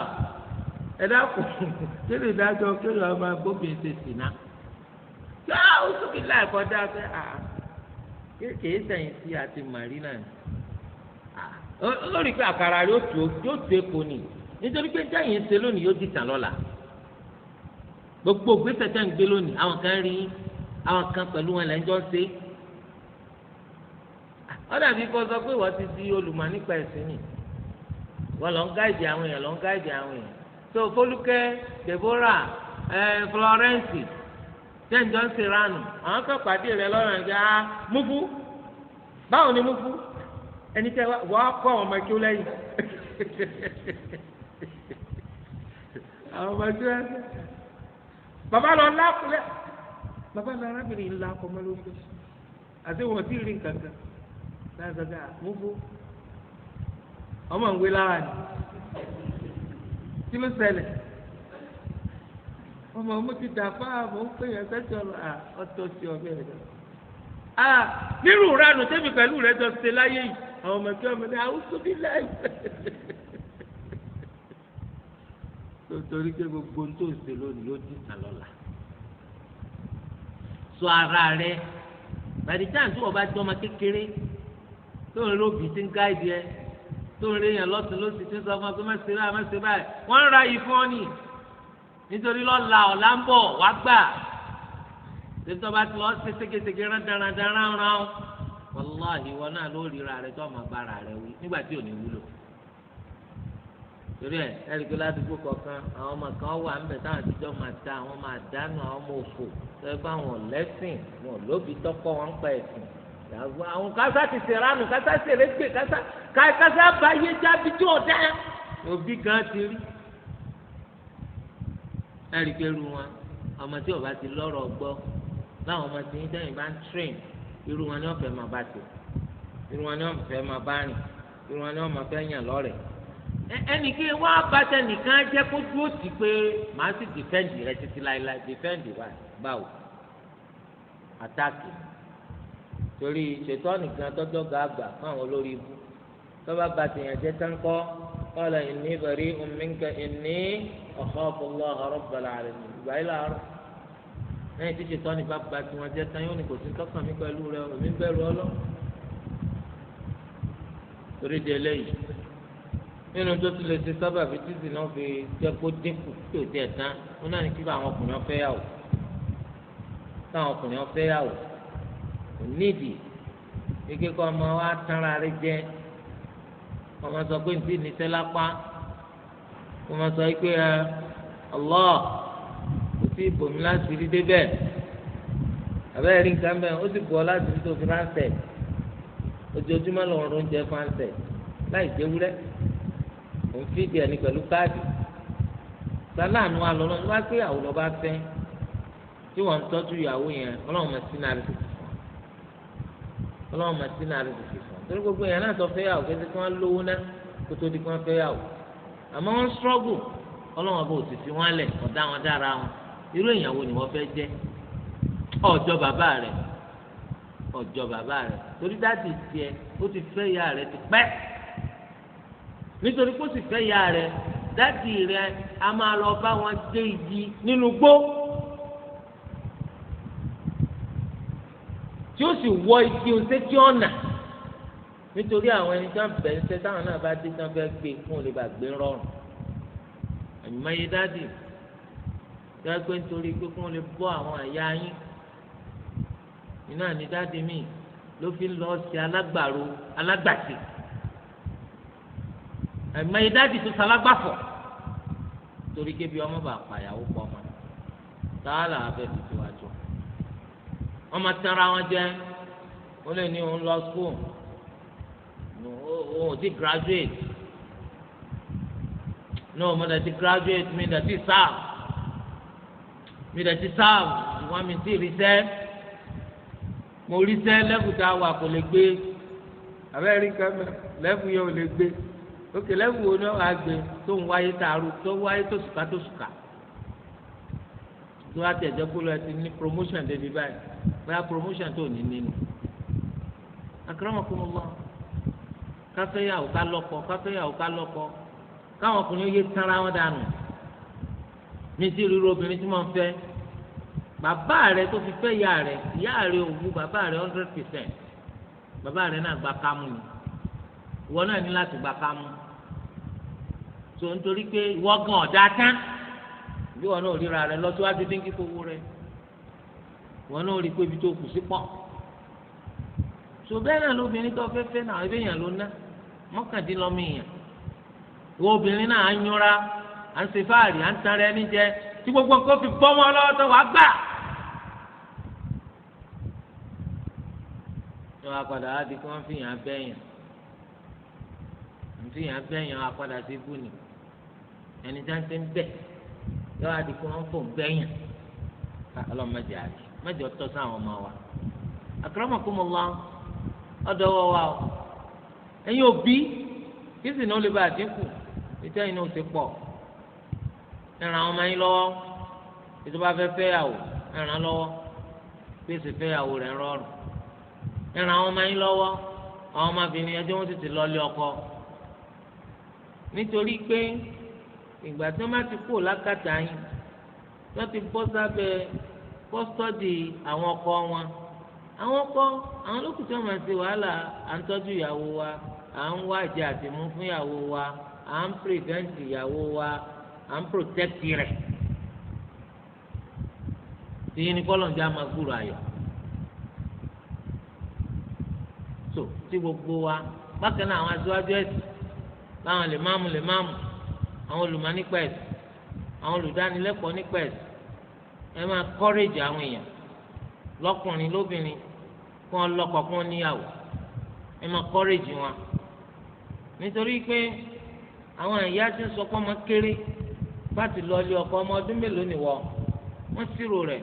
ẹ dákun kí lè dájọ kí lè ọmọ gómìnà ṣe sì ná yá ó sókè láì kọjá pé kéèké sẹ́yìn sí àti marina lórí pé àkàrà yóò tu yóò tu epo ni nítorí pé sẹ́yìn ṣe lónìí yóò di tàn lọ́la gbogbo gbèsè tẹ́ ń gbé lónìí àwọn kan rí àwọn kan pẹ̀lú wọn lẹ́jọ́ ṣe wọ́n dàbí kó sọ pé wọ́n ti di olùmọ̀ nípa ẹ̀sìn ni wọ́n lọ ń gáìdì àwọn èèyàn lọ ń gáìdì àwọn èèyàn tó fọlùkẹ́ debora ẹ florence jane johnson ranu àwọn kan pàdé rẹ ah, báwo ni ẹni tẹ àwọn ọmọ àwọn ọmọ lọ bàbá lọ arábìnrin ńlá àti wọn ti rí láti sọ ah, kí ló ṣẹlẹ̀ ọmọ mo ti dà fáà mo ń pè yẹn sẹ́jọ́ ọ̀tọ̀ sí ọ̀bẹ rẹ̀ a nírú ranù tẹ́mi pẹ̀lú rẹ̀ jọ ṣe láyé yìí àwọn ọmọ ẹgbẹ́ ọmọdé àwùjọ bí láyé torí pé gbogbo ohun tó ṣe lónìí yóò dìtà lọ́la sọ ara rẹ bàdìjáǹtì wọ́n bá jọ ọmọ kékeré tó ń lóbi tí ń gáàdì ẹ tó ń réyàn lọ́tún ló sì ti sọ fún ọ pé mẹ́sẹ̀ báyìí mẹ́sẹ̀ báyìí wọ́n ń ra yìí fún ọ nì nítorí lọ́la ọ̀la ń bọ̀ wá gbà tètè ọba ti lọ ṣe ségesège rán darandaran rán wàláhì wọn náà ló ríra rẹ tó ọmọ bára rẹ wí nígbà tí ò ní wúlò torí ẹ ẹrí pé ládùúgbò kọ̀ọ̀kan àwọn ọmọ kan wà ńbẹ táwọn àtijọ́ máa da àwọn máa dánú àwọn ọmọ òfò tó ẹ bá wọn lẹ́sìn wọn lóbi tọ́kọ́ wọn ń pa ẹ̀sìn àwọn àwọn kásá ti sèrànù kásá sèrègbè kásá kásá báyé jábí tí ò dá òbí gan ti rí ẹrí pẹ̀lú wọn ọmọ tí ọba ti lọ́rọ̀ gbọ́ láwọn ọmọ tí ń tẹ́yìn bá ń train irú wọn ni wọ́n fẹ́ máa bá tẹ̀ irú wọn ni wọ́n fẹ́ máa bá rìn irú wọn ni wọ́n máa fẹ́ yàn lọ́rẹ̀ ẹnì kí wọ́n abatẹ nìkan jẹ́ kó dúró sí pé màá sì dìfẹ́ǹdì rẹ títí láéláé dìfẹ́ǹdì báwo àtàkì torí ṣètọ́nì kan tọ́jọ́ gàgbà fún àwọn olórí ibú tọ́ba bá tèèyàn jẹ́ táńkọ́ qala inni bari'un minka inni akhafu Allah rabbal alamin ìgbà yìí làárọ̀ lẹ́yìn tí ṣètọ́nì bá bá tiwọn jẹ́ tán yóò ní kò sí tọ́kàn mi pẹ̀lú rẹ òmí bẹ̀rù ọlọ́ torí di eléyìí nínú tó tún lè ṣe sábà fi títì náà fi jẹ́ kó dínkù tí ò tiẹ̀ tán ó náà ní kí àwọn ọkùnrin ọ kò nídìí kíkẹ́ kọ́ ọmọ wa tánra rẹ jẹ ọmọ sọ pé ntí ní sẹ́lá pa ọmọ sọ pé ẹ ọlọ́ kò sí bòmí láti rí débẹ̀ abẹ́rẹ́ rí nǹkan bẹ́ẹ̀ ó sì bọ̀ láti rí tó fi ránṣẹ́ ojoojúmọ́ lọ́rùn oúnjẹ fáńṣẹ́ láì jẹ́ wúrẹ́ òun fìdí ẹni pẹ̀lú káàdì sálánù alọ́nà ni wọ́n á gbé àwòrán bá fẹ́ tí wọ́n ń tọ́jú ìyàwó yẹn ọlọ́run mọ̀ sínú àrísìkì ọlọ́run máa dín náà rìsíkì fún un torí gbogbo èèyàn náà sọ fẹ́yàwó kété kí wọ́n lówó ná kó tó di kí wọ́n fẹ́yàwó àmọ́ wọ́n strọ́gù ọlọ́run ọba ò sì fi wọ́n lẹ̀ ọ̀dá wọn dára wọn irú ìyàwó ni wọ́n fẹ́ jẹ́ ọjọ́ bàbá rẹ̀ ọjọ́ bàbá rẹ̀ torí dáàtì tiẹ̀ ó ti fẹ́ ìyá rẹ̀ ti pẹ́ nítorí kó sì fẹ́ ìyá rẹ̀ dáàtì rẹ̀ a máa lọ bá wọn dé igi nínú gbó. tí ó sì wọ igi oṣù tí ó nà nítorí àwọn ẹni tí wọ́n bẹ̀ ń sẹ́ táwọn náà bá dé tán fẹ́ gbé fún olè bá gbé rọrùn àyùmáyé dádì dáa pé nítorí pé kí wọ́n lè bọ́ àwọn àyà yín iná ní dádì mi ló fi lọ sí alágbàro alágbàtì àyùmáyé dádì tó salágbàfọ̀ torí kébi ọmọ bàa pàyàwó pọ̀ ọmọ táwa làwọn abẹ́ tuntun wájú wọ́n máa tẹ́ra wọn jẹ́ ó lè ní òun lọ school òun ò ti graduate no mo dẹ̀ ti graduate mi dẹ̀ ti serve mi dẹ̀ ti serve ìwọ́n mi ti ríṣẹ́ mo ríṣẹ́ lẹ́bù tá a wà kò lè gbé abẹ́rẹ́ nǹkan mẹ́ lẹ́bù yẹn ò lè gbé òkè lẹ́bù wo ni wọ́n á gbé tó ń wáyé tààrú tó ń wáyé tó sùkà tó sùkà tí wọ́n á tẹ̀ jẹ́kúlọ ẹ ti ní promotion débi báyìí bóyá promotion tó ní nínú. akramakumullah káfẹ́yàwó ká lọ́kọ káfẹ́yàwó ká lọ́kọ káwọn ọkùnrin yé tánra wọn dànù ní ti ríro obìnrin tí wọ́n fẹ́ bàbá rẹ tó fi fẹ́ ìyá rẹ ìyá rẹ òwú bàbá rẹ hundred percent bàbá rẹ náà gba kámú ni ìwọ náà ní láti gba kámú tó nítorí pé ìwọ gan ọ̀dá tán bí wọn náà ríra rẹ lọ́síwájú dínkì fowó rẹ wọn náà rí pé ibi tó kù sí pọ̀ ṣùgbọ́n náà lóbìnrin tó fẹ́ fẹ́ náà ebe èèyàn ló ná mọ́kàndínlọ́mọ èèyàn wo obìnrin náà á yanra à ń ṣe fáàrí à ń tan rẹ níjẹ tí gbogbo nǹkan fi bọ́ wọn lọ́wọ́ tó wàá gbà. ní wọn padà á di kí wọn fi abẹ́yàn fi yàn abẹ́yàn apàdà sí ibú ni ẹni tí wọn ti ń bẹ̀ yọ adigun wọn fò gbẹ̀yìn ọlọmọdé àti mẹjọ ọtọ sáwọn ọmọ wa akramakumullah ọdọ wọ wa o ẹ̀yin òbí kí sì náà lè bá àdínkù ètò ẹ̀yin náà ti pọ̀ ẹ̀ràn àwọn ọmọ yín lọ́wọ́ ètò bá fẹ́ fẹ́yàwó ẹ̀ràn lọ́wọ́ pèsè fẹ́yàwó rẹ̀ rọrùn ẹ̀ràn ọmọ yín lọ́wọ́ àwọn ọmọbìnrin ẹjọ́ wọn tètè lọ́ọ́lé ọkọ nítorí pé ìgbà tí wọ́n bá ti kó lákàtà yín wọ́n ti bọ́ sábẹ́ kọ́sítọ́dì àwọn ọkọ wọn àwọn ọkọ àwọn olókùn tí wọ́n máa ṣe wàhálà à ń tọ́jú ìyàwó wa à ń wá ìjẹ àtìmú fún ìyàwó wa à ń prevent ìyàwó wa à ń protect rẹ̀ tìyí ni kọ́lọ̀njá máa gbúrò ayọ̀ so tí gbogbo wa bákan náà àwọn aṣáájú ẹ̀sìn láwọn lè máàmù lè máàmù àwọn olùmọ̀ nípa ẹ̀sìn àwọn olùdánilẹ́kọ̀ọ́ nípa ẹ̀sìn ẹ máa kọ́rẹ́jì àwọn èèyàn lọ́kùnrin lóbìnrin kí wọ́n lọ́kọ kí wọ́n níyàwó ẹ máa kọ́rẹ́jì wọn nítorí pé àwọn ìyá tí ń sọ pé ọmọ kéré bá lọ ilé ọkọ ọmọ ọdún mélòó nìwọ wọ́n ṣírò rẹ̀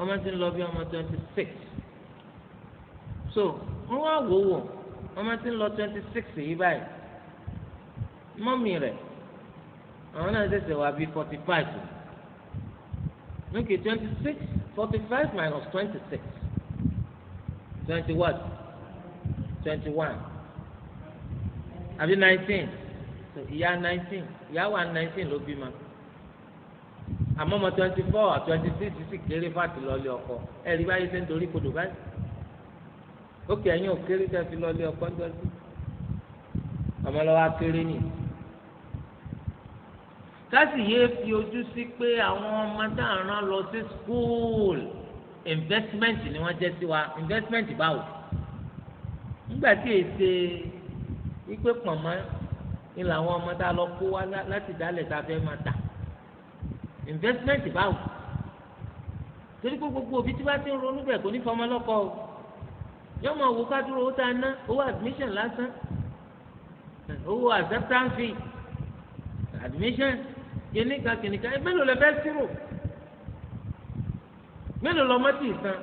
ọmọ tí ń lọ bí ọmọ twenty six so wọ́n wá wò wò ọmọ tí ń lọ twenty six yìí báyìí mọ́mì rẹ̀ àwọn náà ṣẹ̀ṣẹ̀ wá bíi forty five okay twenty six forty five minus twenty six twenty what twenty one àbí nineteen so ìyá nineteen ìyá wa nineteen ló bímọ àmọ́ ọmọ twenty four àti twenty six sì kéré fàtí lọ́ọ́lì ọkọ ẹ rí báyìí ṣe ń dorí kodò báyìí ókè ẹ̀yin ò kéré tẹ́ fi lọ́ọ́lì ọkọ ń dọ́sí ọmọ lọ́wọ́ akéré nìyí. Kasi yéé fi ojú sí pé àwọn ọmọ tá à rán lọ sí school investment ni wọ́n jẹ́ sí wa investment báwo nígbà tí èsè wípé pọ̀nmọ́ ni làwọn ọmọ tá a lọ kó wá láti dálẹ̀ tá a fẹ́ máa tà investment báwo torí pé gbogbo òbí tí bá ti ń ronú bẹ̀ kò ní fọmọ lọ́kọ o yọ máa wò ká dúró owó tá a ná owó admission lásán owó acceptance fee admission kìnìkan kìnìkan mélòó lè fẹ́ sírò mélòó lọ́mọ tì í san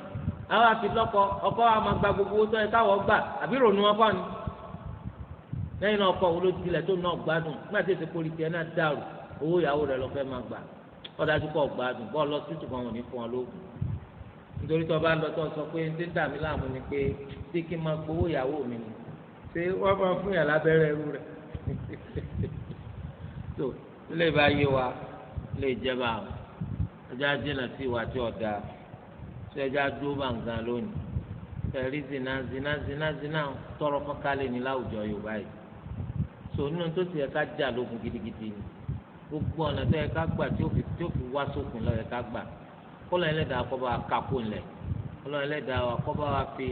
àwọn àfilọ́kọ ọkọ àmọ́ gba gbogbo owó tó yẹ káwọ́ gbà àbí ronú ọkọ ni lẹ́yìn náà ọkọ wọlé tilẹ̀ tó náà gbádùn nígbà tí èsì polisi ẹ̀ náà dàrú owó ìyàwó rẹ̀ lọ́fẹ́ máa gbà ọ̀dájú kọ̀ gbádùn bọ́ọ̀lù ọ̀sítù kan ò ní fún ọ lóògùn nítorí tó bá lọ tó sọ pé ń dídà mí láàmú ni pé tí kí n máa gbowó ìyàwó mi ni ṣé wọ́n máa fún yàrá abẹ́rẹ́ irú rẹ̀ lè bá yé wa lè jẹba o ẹjá jìnnà sí ìwà tí ọ̀dà tí ẹjá dúró bá ń gan lónìí tẹ̀rí zina zina zina zina tọrọ fọ́nkálẹ̀ ní láwùjọ yorùbá yìí sọ tó ti yẹ ká jà lógun gidigidi ni gbogbo ọ̀nà tó yẹ ká gbà tí ó fi tí ó fi wá sókun lọ yẹ ká gbà kọ́lọ́ ẹlẹ́dàá kọ́ bá wa kápò ńlẹ̀ kọ́lọ́ ẹlẹ́dàá kọ́ bá wa fi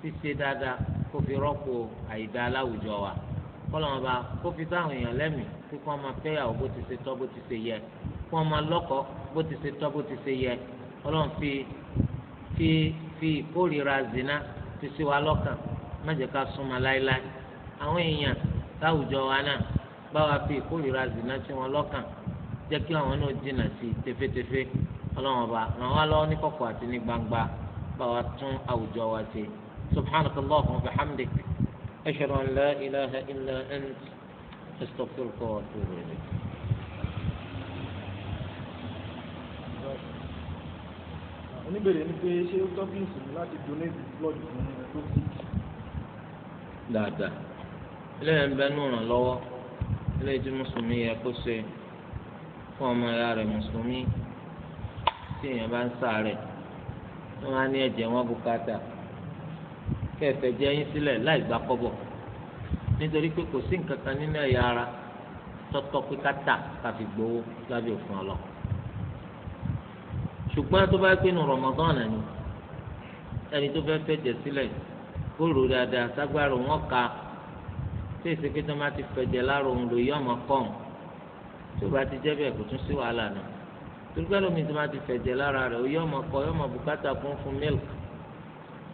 ṣíṣe dáadáa kó fi rọ́pò àìdá láwùjọ wa kọ́lọ́mọ bá kó fi sáwọn èèyàn lẹ́mìí kí wọ́n máa fẹ́yàwó bó ti ṣe tọ́ bó ti ṣe yẹ kí wọ́n máa lọ́kọ bó ti ṣe tọ́ bó ti ṣe yẹ ọlọ́run fi fi fi ìkórìíra zina fi sí wa lọ́kàn má jẹ́ ká súnmọ́ láéláé àwọn èèyàn láwùjọ wa náà bá wa fi ìkórìíra zina sí wọn lọ́kàn jẹ́ kí àwọn náà jìnnà sí tefetefe ọlọ́run bá ràn wá lọ́wọ́ ní kọ̀kọ̀ àti ní gbangba bá wa tún àwùjọ wa ṣe subhanahu wa ta'ala wa bihamdik. أشهد أن لا إله إلا أنت أستغفرك وأتوب إليك oníbèrè ni pé ṣé ó tọ́ bíìsì láti donate blood fún ẹ tó sì. dáadáa eléyìí ń bẹ ní ìrànlọ́wọ́ eléyìí tí mùsùlùmí yẹ kó ṣe fún ọmọ ìyá rẹ̀ mùsùlùmí tí èèyàn bá ń ṣàárẹ̀ wọ́n á ní ẹ̀jẹ̀ wọn bùkátà kẹfẹ jẹ yín sílẹ̀ láì gba kọ́bọ̀ nítorí pé kò sí nǹkan kan nínú ẹ̀yà ara tọ́tọ́ pé ká tà ká fi gbowó lábẹ́ òfin ọlọ ṣùgbọ́n tó bá pé nu Ramadan ni ẹni tó fẹ́ fẹ̀jẹ̀ sílẹ̀ kóòrò dáadáa ságbára wọn ka tí èsì pé tó má ti fẹ̀jẹ̀ láàrọ̀ òun lòye ọmọ kọ́ọ̀n tó bá ti jẹ́ bẹ́ẹ̀ kò tún sí wàhálà náà torípé tó má ti fẹ̀jẹ̀ lára rẹ̀ òye ọmọ kọ́ ọmọ bùkátà fún fún mílk tó.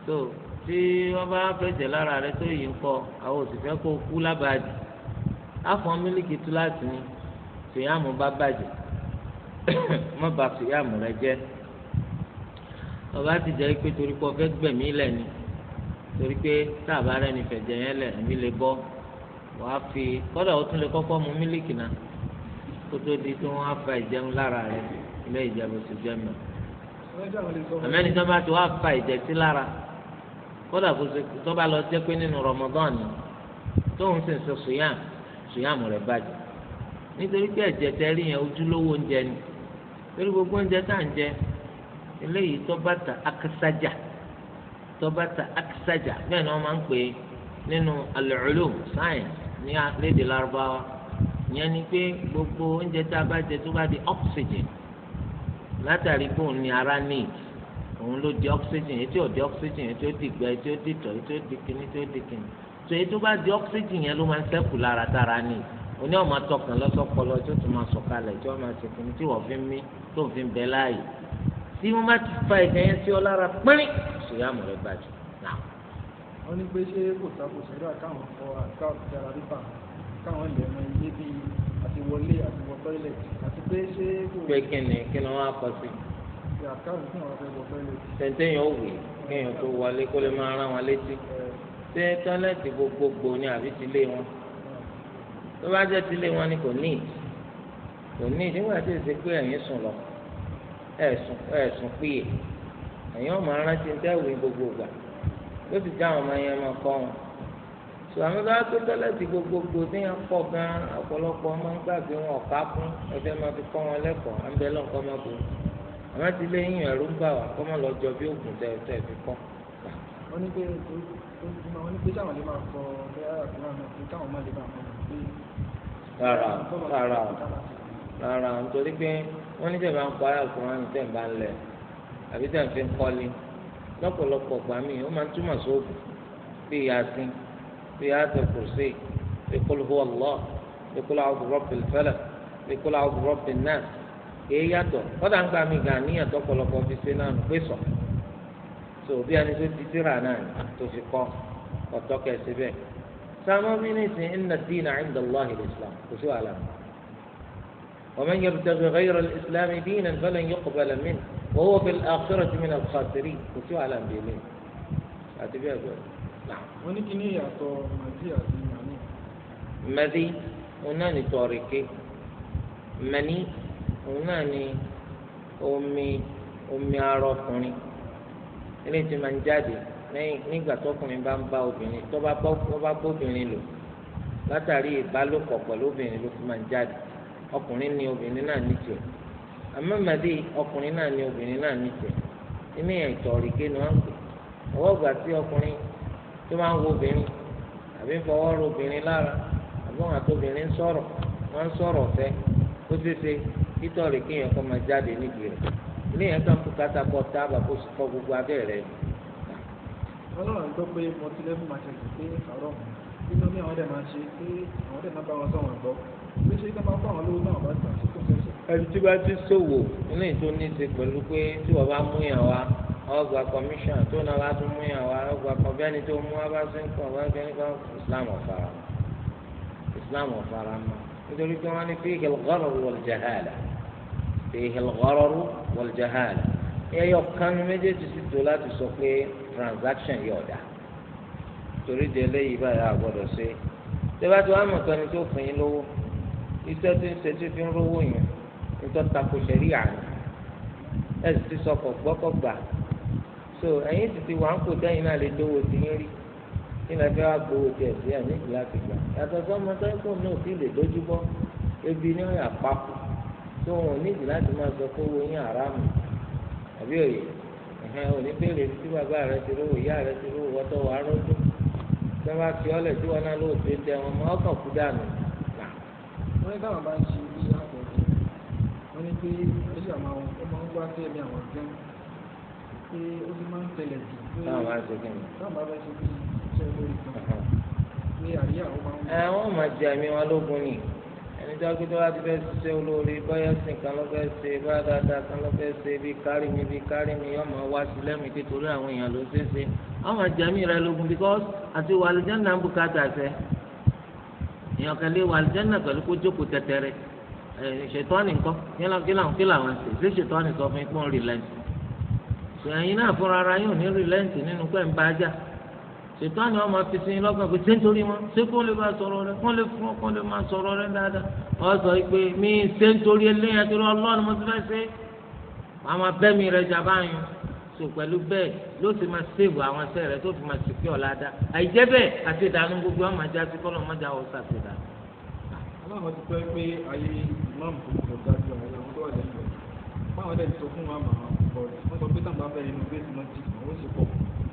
So, tí wọ́n bá fẹ̀jẹ̀ lára rẹ tó yìí ń kọ́ àwọn òṣìṣẹ́ kó kú lábàájì àfọ̀n mílíkì tú láti ní sùyàmù bá bàjẹ́ má bà sùyàmù rẹ jẹ́ ọba ti jẹ́ pé torí pé ọfẹ́ gbẹ̀mí lẹ̀ ni torí pé táàbà rẹ ni fẹ̀jẹ̀ yẹn lẹ̀ ẹ̀mí lè bọ́ wàá fi kọ́dà ó tún lè kọ́kọ́ mu mílíkì náà kó tó di tó wọ́n á fa ìjẹun lára rẹ ilé ìjẹun sì jẹ́ mi. àmẹ́ni tó bá ti wá fa ìjẹ sí lára. kódà tó bá lọ jẹ́ pé nínú Ramadan ni tóun sì ń sọ sùyàm sùyàm rẹ̀ bàjẹ́ nítorí pé ẹ̀jẹ̀ tẹ rí yẹn ojúlówó oúnjẹ ni torí gbogbo oúnjẹ tá à ń jẹ eléyìí tó akisajà tó akisajà bẹ́ẹ̀ ni wọ́n máa ń pè é nínú ní lárúbáwá ìyẹn ni gbogbo oúnjẹ tá a bá jẹ òun ló di oxygen etí ò di oxygen etí ó di ìgbẹ́ etí ó di ìtọ̀ etí ó di kíní etí ó di kíní tó etí ó bá di oxygen yẹn ló máa ń ṣẹ́kù lára tára ni oní ọmọ tọkàn lọ́sọ̀pọ̀lọ́ tí ó tún máa sọ̀kalẹ̀ tí wọ́n máa ṣe kíní tí wọ́n fi ń mí tó fi ń bẹ láàyè tí wọ́n bá ti fa ẹ̀jẹ̀ yẹn sí ọ lára pínrín ìṣòyàmù rẹ̀ bàjẹ́ náà. wọ́n ní pé ṣé kò sáko ṣẹlẹ̀ káwọn fọ àkáàtì ara rí káwọn ilẹ̀ mọ iye bíi àtiwọlé àtiwọ tọ́ílẹ̀tì àti pé ṣé kò. pé kí ni kí ni wọ́n tẹ̀ntẹ̀yìn òwì kéèyàn tó wọlé kó lè máa rán wọn létí ṣé tọ́lẹ́tì gbogbogbò ni àbí ti lé wọn tó bá jẹ́ ti lé wọn ni kò ní kò ní nígbà tí èsì pé ẹ̀yin sùn lọ ẹ̀sùn ẹ̀sùn péye ẹ̀yin ọmọ aráńtí tẹ́wìn gbogbogbà ló ti dá àwọn ọmọ yẹn máa kọ́ wọn sọ àmì bá pé tọ́lẹ́tì gbogbogbò tí yẹn pọ̀ gan ọ̀pọ̀lọpọ̀ máa ń gbàgbé wọn ọ̀ká fún ẹgbẹ́ máa fi kọ́ wọn lẹ́kọ̀ọ́ àǹbẹ̀lọ́ nǹkan máa bò àmọ́ ti léyìn ẹ̀rú ń bà wá kọ́ mọ́ lọ jọ bí oògùn tẹ tẹ fi kọ́. wọ́n ní pé wọ́n ní pé táwọn lè máa fọ bẹ́ẹ̀ àtúnwá náà pé táwọn máa lè máa fọ rárá rárá rárá nítorí pé wọ́n ní sẹ́ẹ̀ bá ń kọ́ aláàkùnrin tẹ̀ ń bá ń lẹ̀ àbí tẹ̀ ń fi ń kọ́lé lọ́pọ̀lọpọ̀ gbà mí ó máa ń túmọ̀ sóògùn bíi yasin bíi yasin kùrùsì bíi kólú huwallah bíi kólú àwọn rọ́bì fẹ́lẹ̀ bíi kólú àwọn rọ́bì náà èyí yàtọ̀ kọ́dà ń gbà mí gan níyàn tó pọ̀lọpọ̀ fi ṣe náà nù pé sọ tó bí ẹni tó ti tíra náà ni tó fi kọ́ ọ̀tọ́ kẹsì bẹ́ẹ̀ sàmọ́ mi ní sin inna dina inda Allahi islam kò sí wàhálà mi ومن يبتغي غير الإسلام دينا فلن يقبل منه وهو في الآخرة من الخاسرين kò sí wàhálà mi àti bí ẹgbẹ́ náà. wọ́n ní kí ní àti màní. màdí òun náà ni omi omi arọ ọkùnrin eléyìí tí máa ń jáde lẹ́yìn nígbà tọkùnrin bá ń bá obìnrin tó bá lò látàrí ìbálòpọ̀ pẹ̀lú obìnrin ló fi máa ń ọkùnrin ni obìnrin náà ní tiẹ̀ àmọ́ ọkùnrin náà ni obìnrin náà ní tiẹ̀ ni wọ́n ń pè ọwọ́ ìgbà tí ọkùnrin tó máa ń wo obìnrin àbí fọwọ́ ro obìnrin lára àbí wọn títọ́ rẹ̀ kéèyàn kọ́ máa jáde nídìí rẹ̀ léèyàn kan kú kátakọ tá a bá kó sùkọ́ gbogbo abẹ́ rẹ̀. ọlọ́run gbọ́ pé mo ti lẹ́fún màṣẹ jù pé àárọ̀ nínú ní àwọn ọdẹ máa ṣe pé àwọn ọdẹ máa bá wọn sọ̀rọ̀ gbọ́ pé ṣé ká máa fún àwọn olówó náà bá gbà sí kò ṣẹ̀ṣẹ̀. ẹni tí bá ti ṣòwò inú ètò ní ṣe pẹ̀lú pé tí wọ́n bá mú yàn wá ọgbà commission tó náà bá tún mú yàn wá ọgbà kọ̀bẹ́ni tó mú wá bá ṣe ń kọ̀ wá bẹ́ni Islam ọ̀fara Islam ọ̀fara nítorí pé wọ́n ní fíìgì ọ̀gọ́rọ̀ wọ̀l jahálà فيه الغرر والجهالة ẹyọ kan ní méjèèjì sì tó láti sọ pé transaction yóò dá torí de eléyìí báyìí àgbọ́dọ̀ ṣe tẹ́bàtì wàá mọ̀tọ́ ni tó fún yín fi ti so si ti wà ń kó dẹ́yìn náà lè dówó sí yín rí nígbà gbowó sí ẹ̀ gbà ebi ní ọ̀yà tó wọn ò nídìí láti máa sọ pé owó yín àràmù àbí òye ẹ̀hẹ́n òní béèrè tí bàbá rẹ ti rówó ìyá rẹ ti rówó wọ́tọ́ wà á tí bá fi tí wọ́n náà lóò tó tẹ wọn mọ́ ọkàn kú dànù. wọ́n ní táwọn bá ń ṣe àpọ̀jù wọ́n ní pé máa máa ń wá sí ẹ̀mí àwọn ọ̀gá pé ó máa ń ẹni tó akéde wá ti fẹ́ ṣiṣẹ́ olóore báyọ̀ sìn kan ló fẹ́ ṣe bá dáadáa kan ló fẹ́ ṣe bí kárí mi bí kárí mi ọmọ wá sí lẹ́mìí pé àwọn èèyàn ló ṣe é ṣe ọmọ jẹ́mi rẹ lógun because àti wà àlùjánnà ń bùkátà sẹ́ èèyàn kan lé wà àlùjánnà pẹ̀lú kó jókòó tẹ́tẹ́rẹ́ ṣètọ́ni nǹkan kí làwọn kí làwọn ṣe ṣé ṣètọ́ni sọ fún ipò rìlẹ́ǹtì ṣèyìn náà fúnra ara yóò ṣètò àná ọmọ fìsìn lọ́gbọ̀n pé ṣé nítorí wọn ṣé kó lè máa sọ̀rọ̀ rẹ kó lè fún ọ kó lè máa sọ̀rọ̀ rẹ dáadáa wọ́n sọ pé mi ṣé nítorí eléyà torí ọlọ́run mo ti fẹ́ ṣe wọ́n máa bẹ́ mi rẹ jàbáyàn so pẹ̀lú bẹ́ẹ̀ ló ti máa ṣèwò àwọn ṣẹ́ rẹ tó fi máa ṣèké ọ̀làdá àìjẹ́ bẹ́ẹ̀ àti ìdánù gbogbo ọmọ ajá sí kọ́lọ́ mọ́jà ó ṣàṣìdá. aláwọ̀ ti pẹ́ pé ayé ìmáàmù tó kọjá ju àwọn ọmọ tó wà lẹ́yìn fẹ́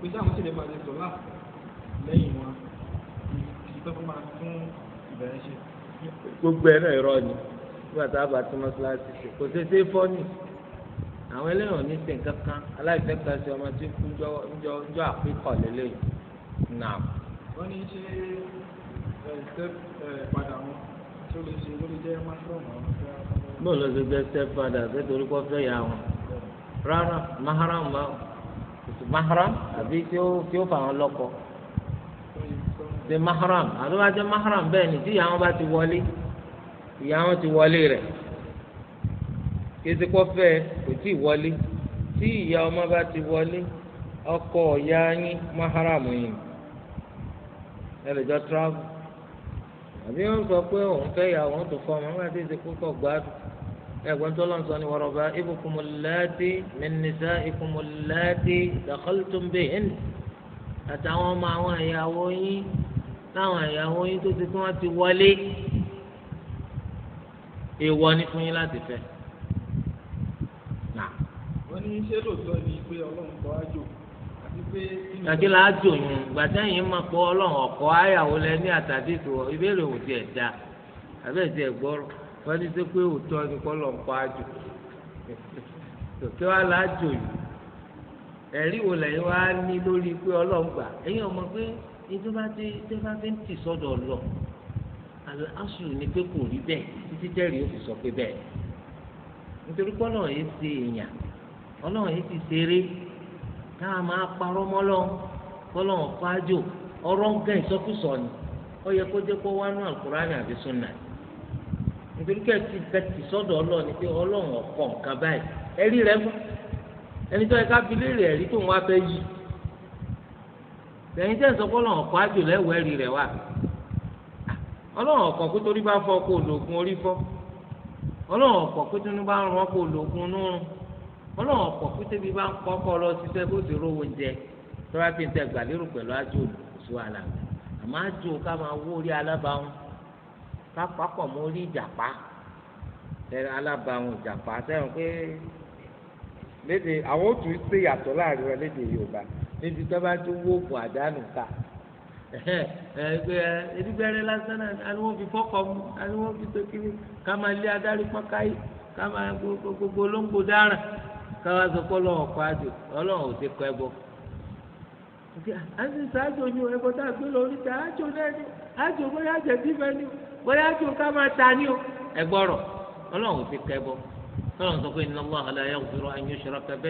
pé táwọn lẹ́yìn wọn ìpẹ́ fún máa tún ìbẹ̀rẹ̀ ṣe. gbogbo ẹ̀rọ ẹ̀rọ ni nígbà tá a bá tún mọ́ṣáláṣí ṣe kò ṣe ṣe fọ́ ni àwọn ẹlẹ́wọ̀n ní sìn kankan aláìfẹ́ kan ṣe ọmọ tí kú jọ àpékọ̀ lélẹ̀ nà. wọ́n ní ṣe step padà wọn tó lè ṣe lórí jẹ́ máṣọ́ọ̀mù àwọn bóòlù ló ṣe gbé step padà pé torí kọ́ fẹ́ yà wọn rárá maharam maharam àbí tí ó fà wọn lọ́kọ̀ọ́ ṣe mahram àbí wàá jẹ mahram bẹ́ẹ̀ ni tí ìyá wọn bá ti wọlé ìyá wọn ti wọlé rẹ̀ kézikọ́ fẹ́ kò tí ì wọlé tí ìyá ọmọ bá ti wọlé ọkọ ọ̀yá yín mahram yín ẹ lè jọ travel àbí wọn sọ pé òun fẹ́ yà wọn tó fọ wọn àti ìsìnkú kọ gbádùn ẹ̀gbọ́n tó lọ́n sọ ni wọ́rọ̀bà ibùkún mọ̀láàdì mẹ́nìsá ikùn mọ̀láàdì àtàwọn ọmọ àwọn ìyàwó yín láwọn ìyàwó yín tó ti kí wọ́n ti wọlé èèwọ̀ ni fún yín láti wọ́n ní ṣé lóòótọ́ ni pé ọlọ́run kọ́ àti pé. kàkí la ájò yùn ma máa pọ̀ ọlọ́run ọ̀kọ́ àyàwó lẹ ní àtàdé tó ìbéèrè da àbẹ́ẹ̀ gbọ́rọ̀ wọ́n ní pé òótọ́ ni la ẹ̀rí wo lẹ́yìn wá ní lórí pé ọlọ́run gbà ètò bá ti tẹ́ bá fi ń tì sọ́dọ̀ lọ àlọ́ aṣù ni pé kò rí bẹ́ẹ̀ títí tẹ́rì ó fi sọ pé bẹ́ẹ̀ nítorí pé ọlọ́run yìí ṣe èèyàn ọlọ́run yìí ti ṣeré tá a máa parọ́ mọ́lọ́ kọ́lọ́run fájò ọ̀rọ̀ ń ìsọkúsọ ni ó yẹ kó jẹ́ kó wá nú àkùránì àbí súnà nítorí pé ti tẹ̀tì sọ́dọ̀ ọlọ́run ni pé ọlọ́run ọ̀kọ̀ nǹkan báyìí ẹ̀rí rẹ̀ mọ́ ẹni tó yẹ ká fi léèrè ẹ̀rí tó ń wá fẹ́ yìí lẹ́yìn tẹ́ ń sọ pé ọlọ́run ọ̀kọ́ àjò lẹ́wọ̀ ẹ̀rí rẹ̀ wà ọlọ́run ọ̀kọ́ kó torí bá fọ́ kó lògùn orí fọ́ ọlọ́run ọ̀kọ́ kó tó ní bá rán kó lògùn nírun ọlọ́run ọ̀kọ́ kó tẹ́bi bá ń kọ́ kọ́ lọ síṣẹ́ bó ti rówó jẹ tọ́lá ti ń tẹ gbàlérò pẹ̀lú àjò sí wàhálà àmọ́ àjò ká máa wó orí alábàáhùn ká papọ̀ mọ́ orí ìjàpá alábàáhùn ìjàpá sẹ́wọ̀n pé léde àwọn ò tún ṣe yàtọ̀ láàrin wọn léde Yorùbá níbi tó bá tún wó òkú àdánù ká ẹdígbẹrẹ lásán náà wọn fi fọkọ mu ni wọn fi tokiri ká máa lé adarí pọkáyé ká máa gbogbo olóńgbò dáràn ká wá sọ pé Ọlọ́run ọkọ àjò Ọlọ́run ò ti kọ ẹbọ àti sàájò ni o ẹbọ tá a gbé lọ oríta àjò náà ni àjò bóyá àjẹbí ni ta ni o ẹgbọrọ ọlọrun ò ti kọ sọ pé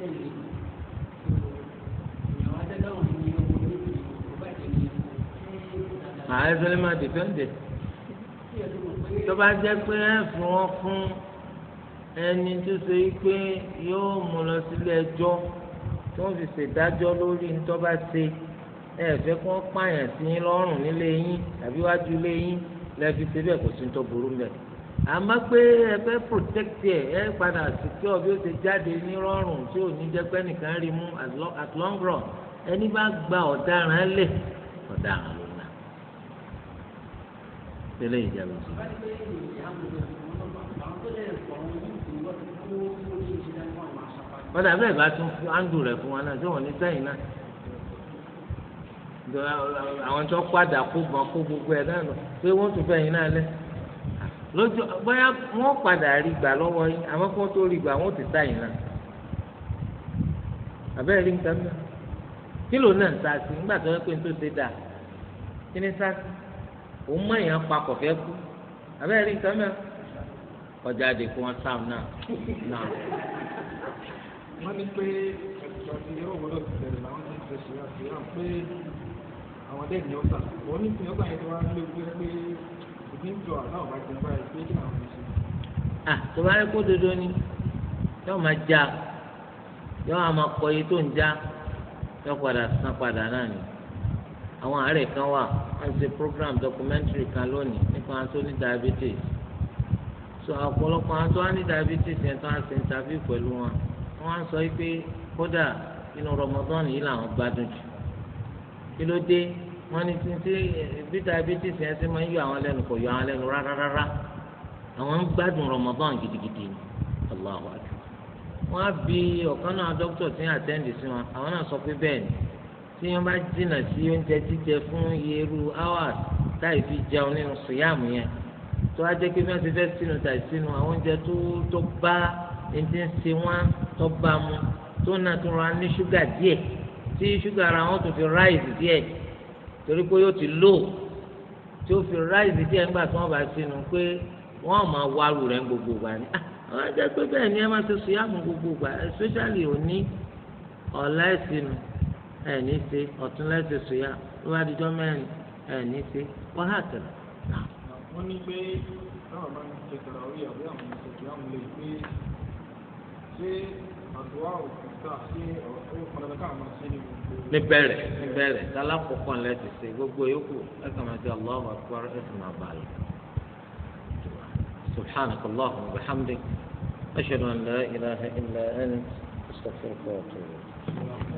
tẹ̀lé ìyàwó adẹ́dáwọ̀ ni ọmọ méjì ọba ìdílé ọmọ. ààrẹ fẹlẹ máa dìfẹ́ǹdẹ̀ tó bá jẹ́ pé ẹ fún ọ fún ẹni tó ṣe pé yóò mú lọ sílé ẹjọ́ tó ń fi ṣèdájọ́ lórí ní tó bá ṣe ẹ fẹ́ kó pààyàn sí lọ́rùn nílé yín tàbí wájú ilé yín lẹ́ẹ̀fi ṣe bẹ́ẹ̀ kò sí ní tó burú mẹ́rin àmọ́ pé ẹ fẹ́ protect ẹ ẹ padà sùkúrọ̀ bí ó ṣe jáde ní rọrùn tí ò ní jẹ́ pé nìkan rí mú at long run ẹni bá gba ọ̀daràn lè ọ̀daràn ló ná tẹ́lẹ̀ ìjàgbọ́n sí. wọ́n dàbí ẹ̀bá tún fún áńdù rẹ̀ fún wa náà tí wọ́n ní sẹ́yìn náà àwọn tó padà kó gbọ́n kó gbogbo ẹ̀ náà lọ pé wọ́n tún fẹ́yìn náà lẹ́sìn lójú bóyá wọ́n padà rí gbà lọ́wọ́ yín àmọ́ kí wọ́n tó rí gbà wọ́n ti sá yìí náà àbẹ́rẹ́ rí nǹkan náà kí ló náà ń sá sí nígbà tó yẹ pé tó ṣe dà kí ni sá sí òun mọ èèyàn pa kọ̀fẹ́ kú àbẹ́rẹ́ rí nǹkan náà ọjà àdè kí wọ́n sá náà náà. wọ́n ní pé ẹ̀sọ́ ti yóò wọlé ìbẹ̀rẹ̀ làwọn ti ń ṣe ṣe àfihàn pé àwọn dẹ́gbẹ̀ẹ́ ọ̀sà òun ní ah tó bá rí kó dodo ni yóò máa já yóò á máa kọ iye tó ń já yóò padà san padà náà ni àwọn àárẹ̀ kan wà wọ́n ṣe program documentary kan lónìí nípa tó ní diabetes so ọ̀pọ̀lọpọ̀ àwọn tó wá ní diabetes yẹn tó wá ṣe interview pẹ̀lú wọn wọ́n á sọ pé kódà inú Ramadan yìí làwọn gbádùn jù kí ló dé wọ́n ní títí eh, bí diabetes yẹn ti máa ń yọ àwọn lẹ́nu kò yọ àwọn lẹ́nu rárá rárá àwọn ń gbádùn Ramadan gidigidi ni Allahu akbar wọ́n á bi ọ̀kan náà dókítà tí ń àtẹ́ǹdì sí wọn àwọn náà sọ pé bẹ́ẹ̀ ni tí wọ́n bá jìnnà sí oúnjẹ jíjẹ fún irú hours táì fi jẹun nínú sùyàmù yẹn tó wá jẹ́ pé bí wọ́n ti fẹ́ sínú tàì sínú àwọn oúnjẹ tó tó bá ẹni ṣe wọ́n tó bá mu tó náà tó ra ní ṣúgà díẹ̀ tí ṣúgà ara wọn tó fi ráìsì díẹ̀ torí pé yóò ti lò tí ó fi ráìsì díẹ̀ ńgbà tí wọ́n bá sínú pé wọ́n máa wárù rẹ̀ gbogbo ìgbà ni ah, àwọn ẹgbẹ́ pé bẹ́ẹ̀ ni ẹ máa ṣe sùyàmù gbogbo ìgbà especially òní ọ̀la ẹ̀sìnù ẹ̀ ní ṣe ọ̀tún lẹ́sẹ̀ sùyà ló bá dijọ́ mẹ́rin ẹ̀ ṣe wọ́n hà tẹ̀lé. wọ́n ní pé báwọn bá ń ṣe tọ̀rọ̀ orí àbí àwọn ìṣèjì àwọn lè pé ṣé àtúwá òkú níbẹ̀rẹ̀ níbẹ̀rẹ̀ tálákòókò ńlẹ̀ ti ṣe gbogbo yòókù ẹ̀ka máa ti Allahu akbar ẹ̀ka máa bá lọ. سبحانك اللهم وبحمدك أشهد أن لا إله إلا أنت أستغفرك وأتوب إليك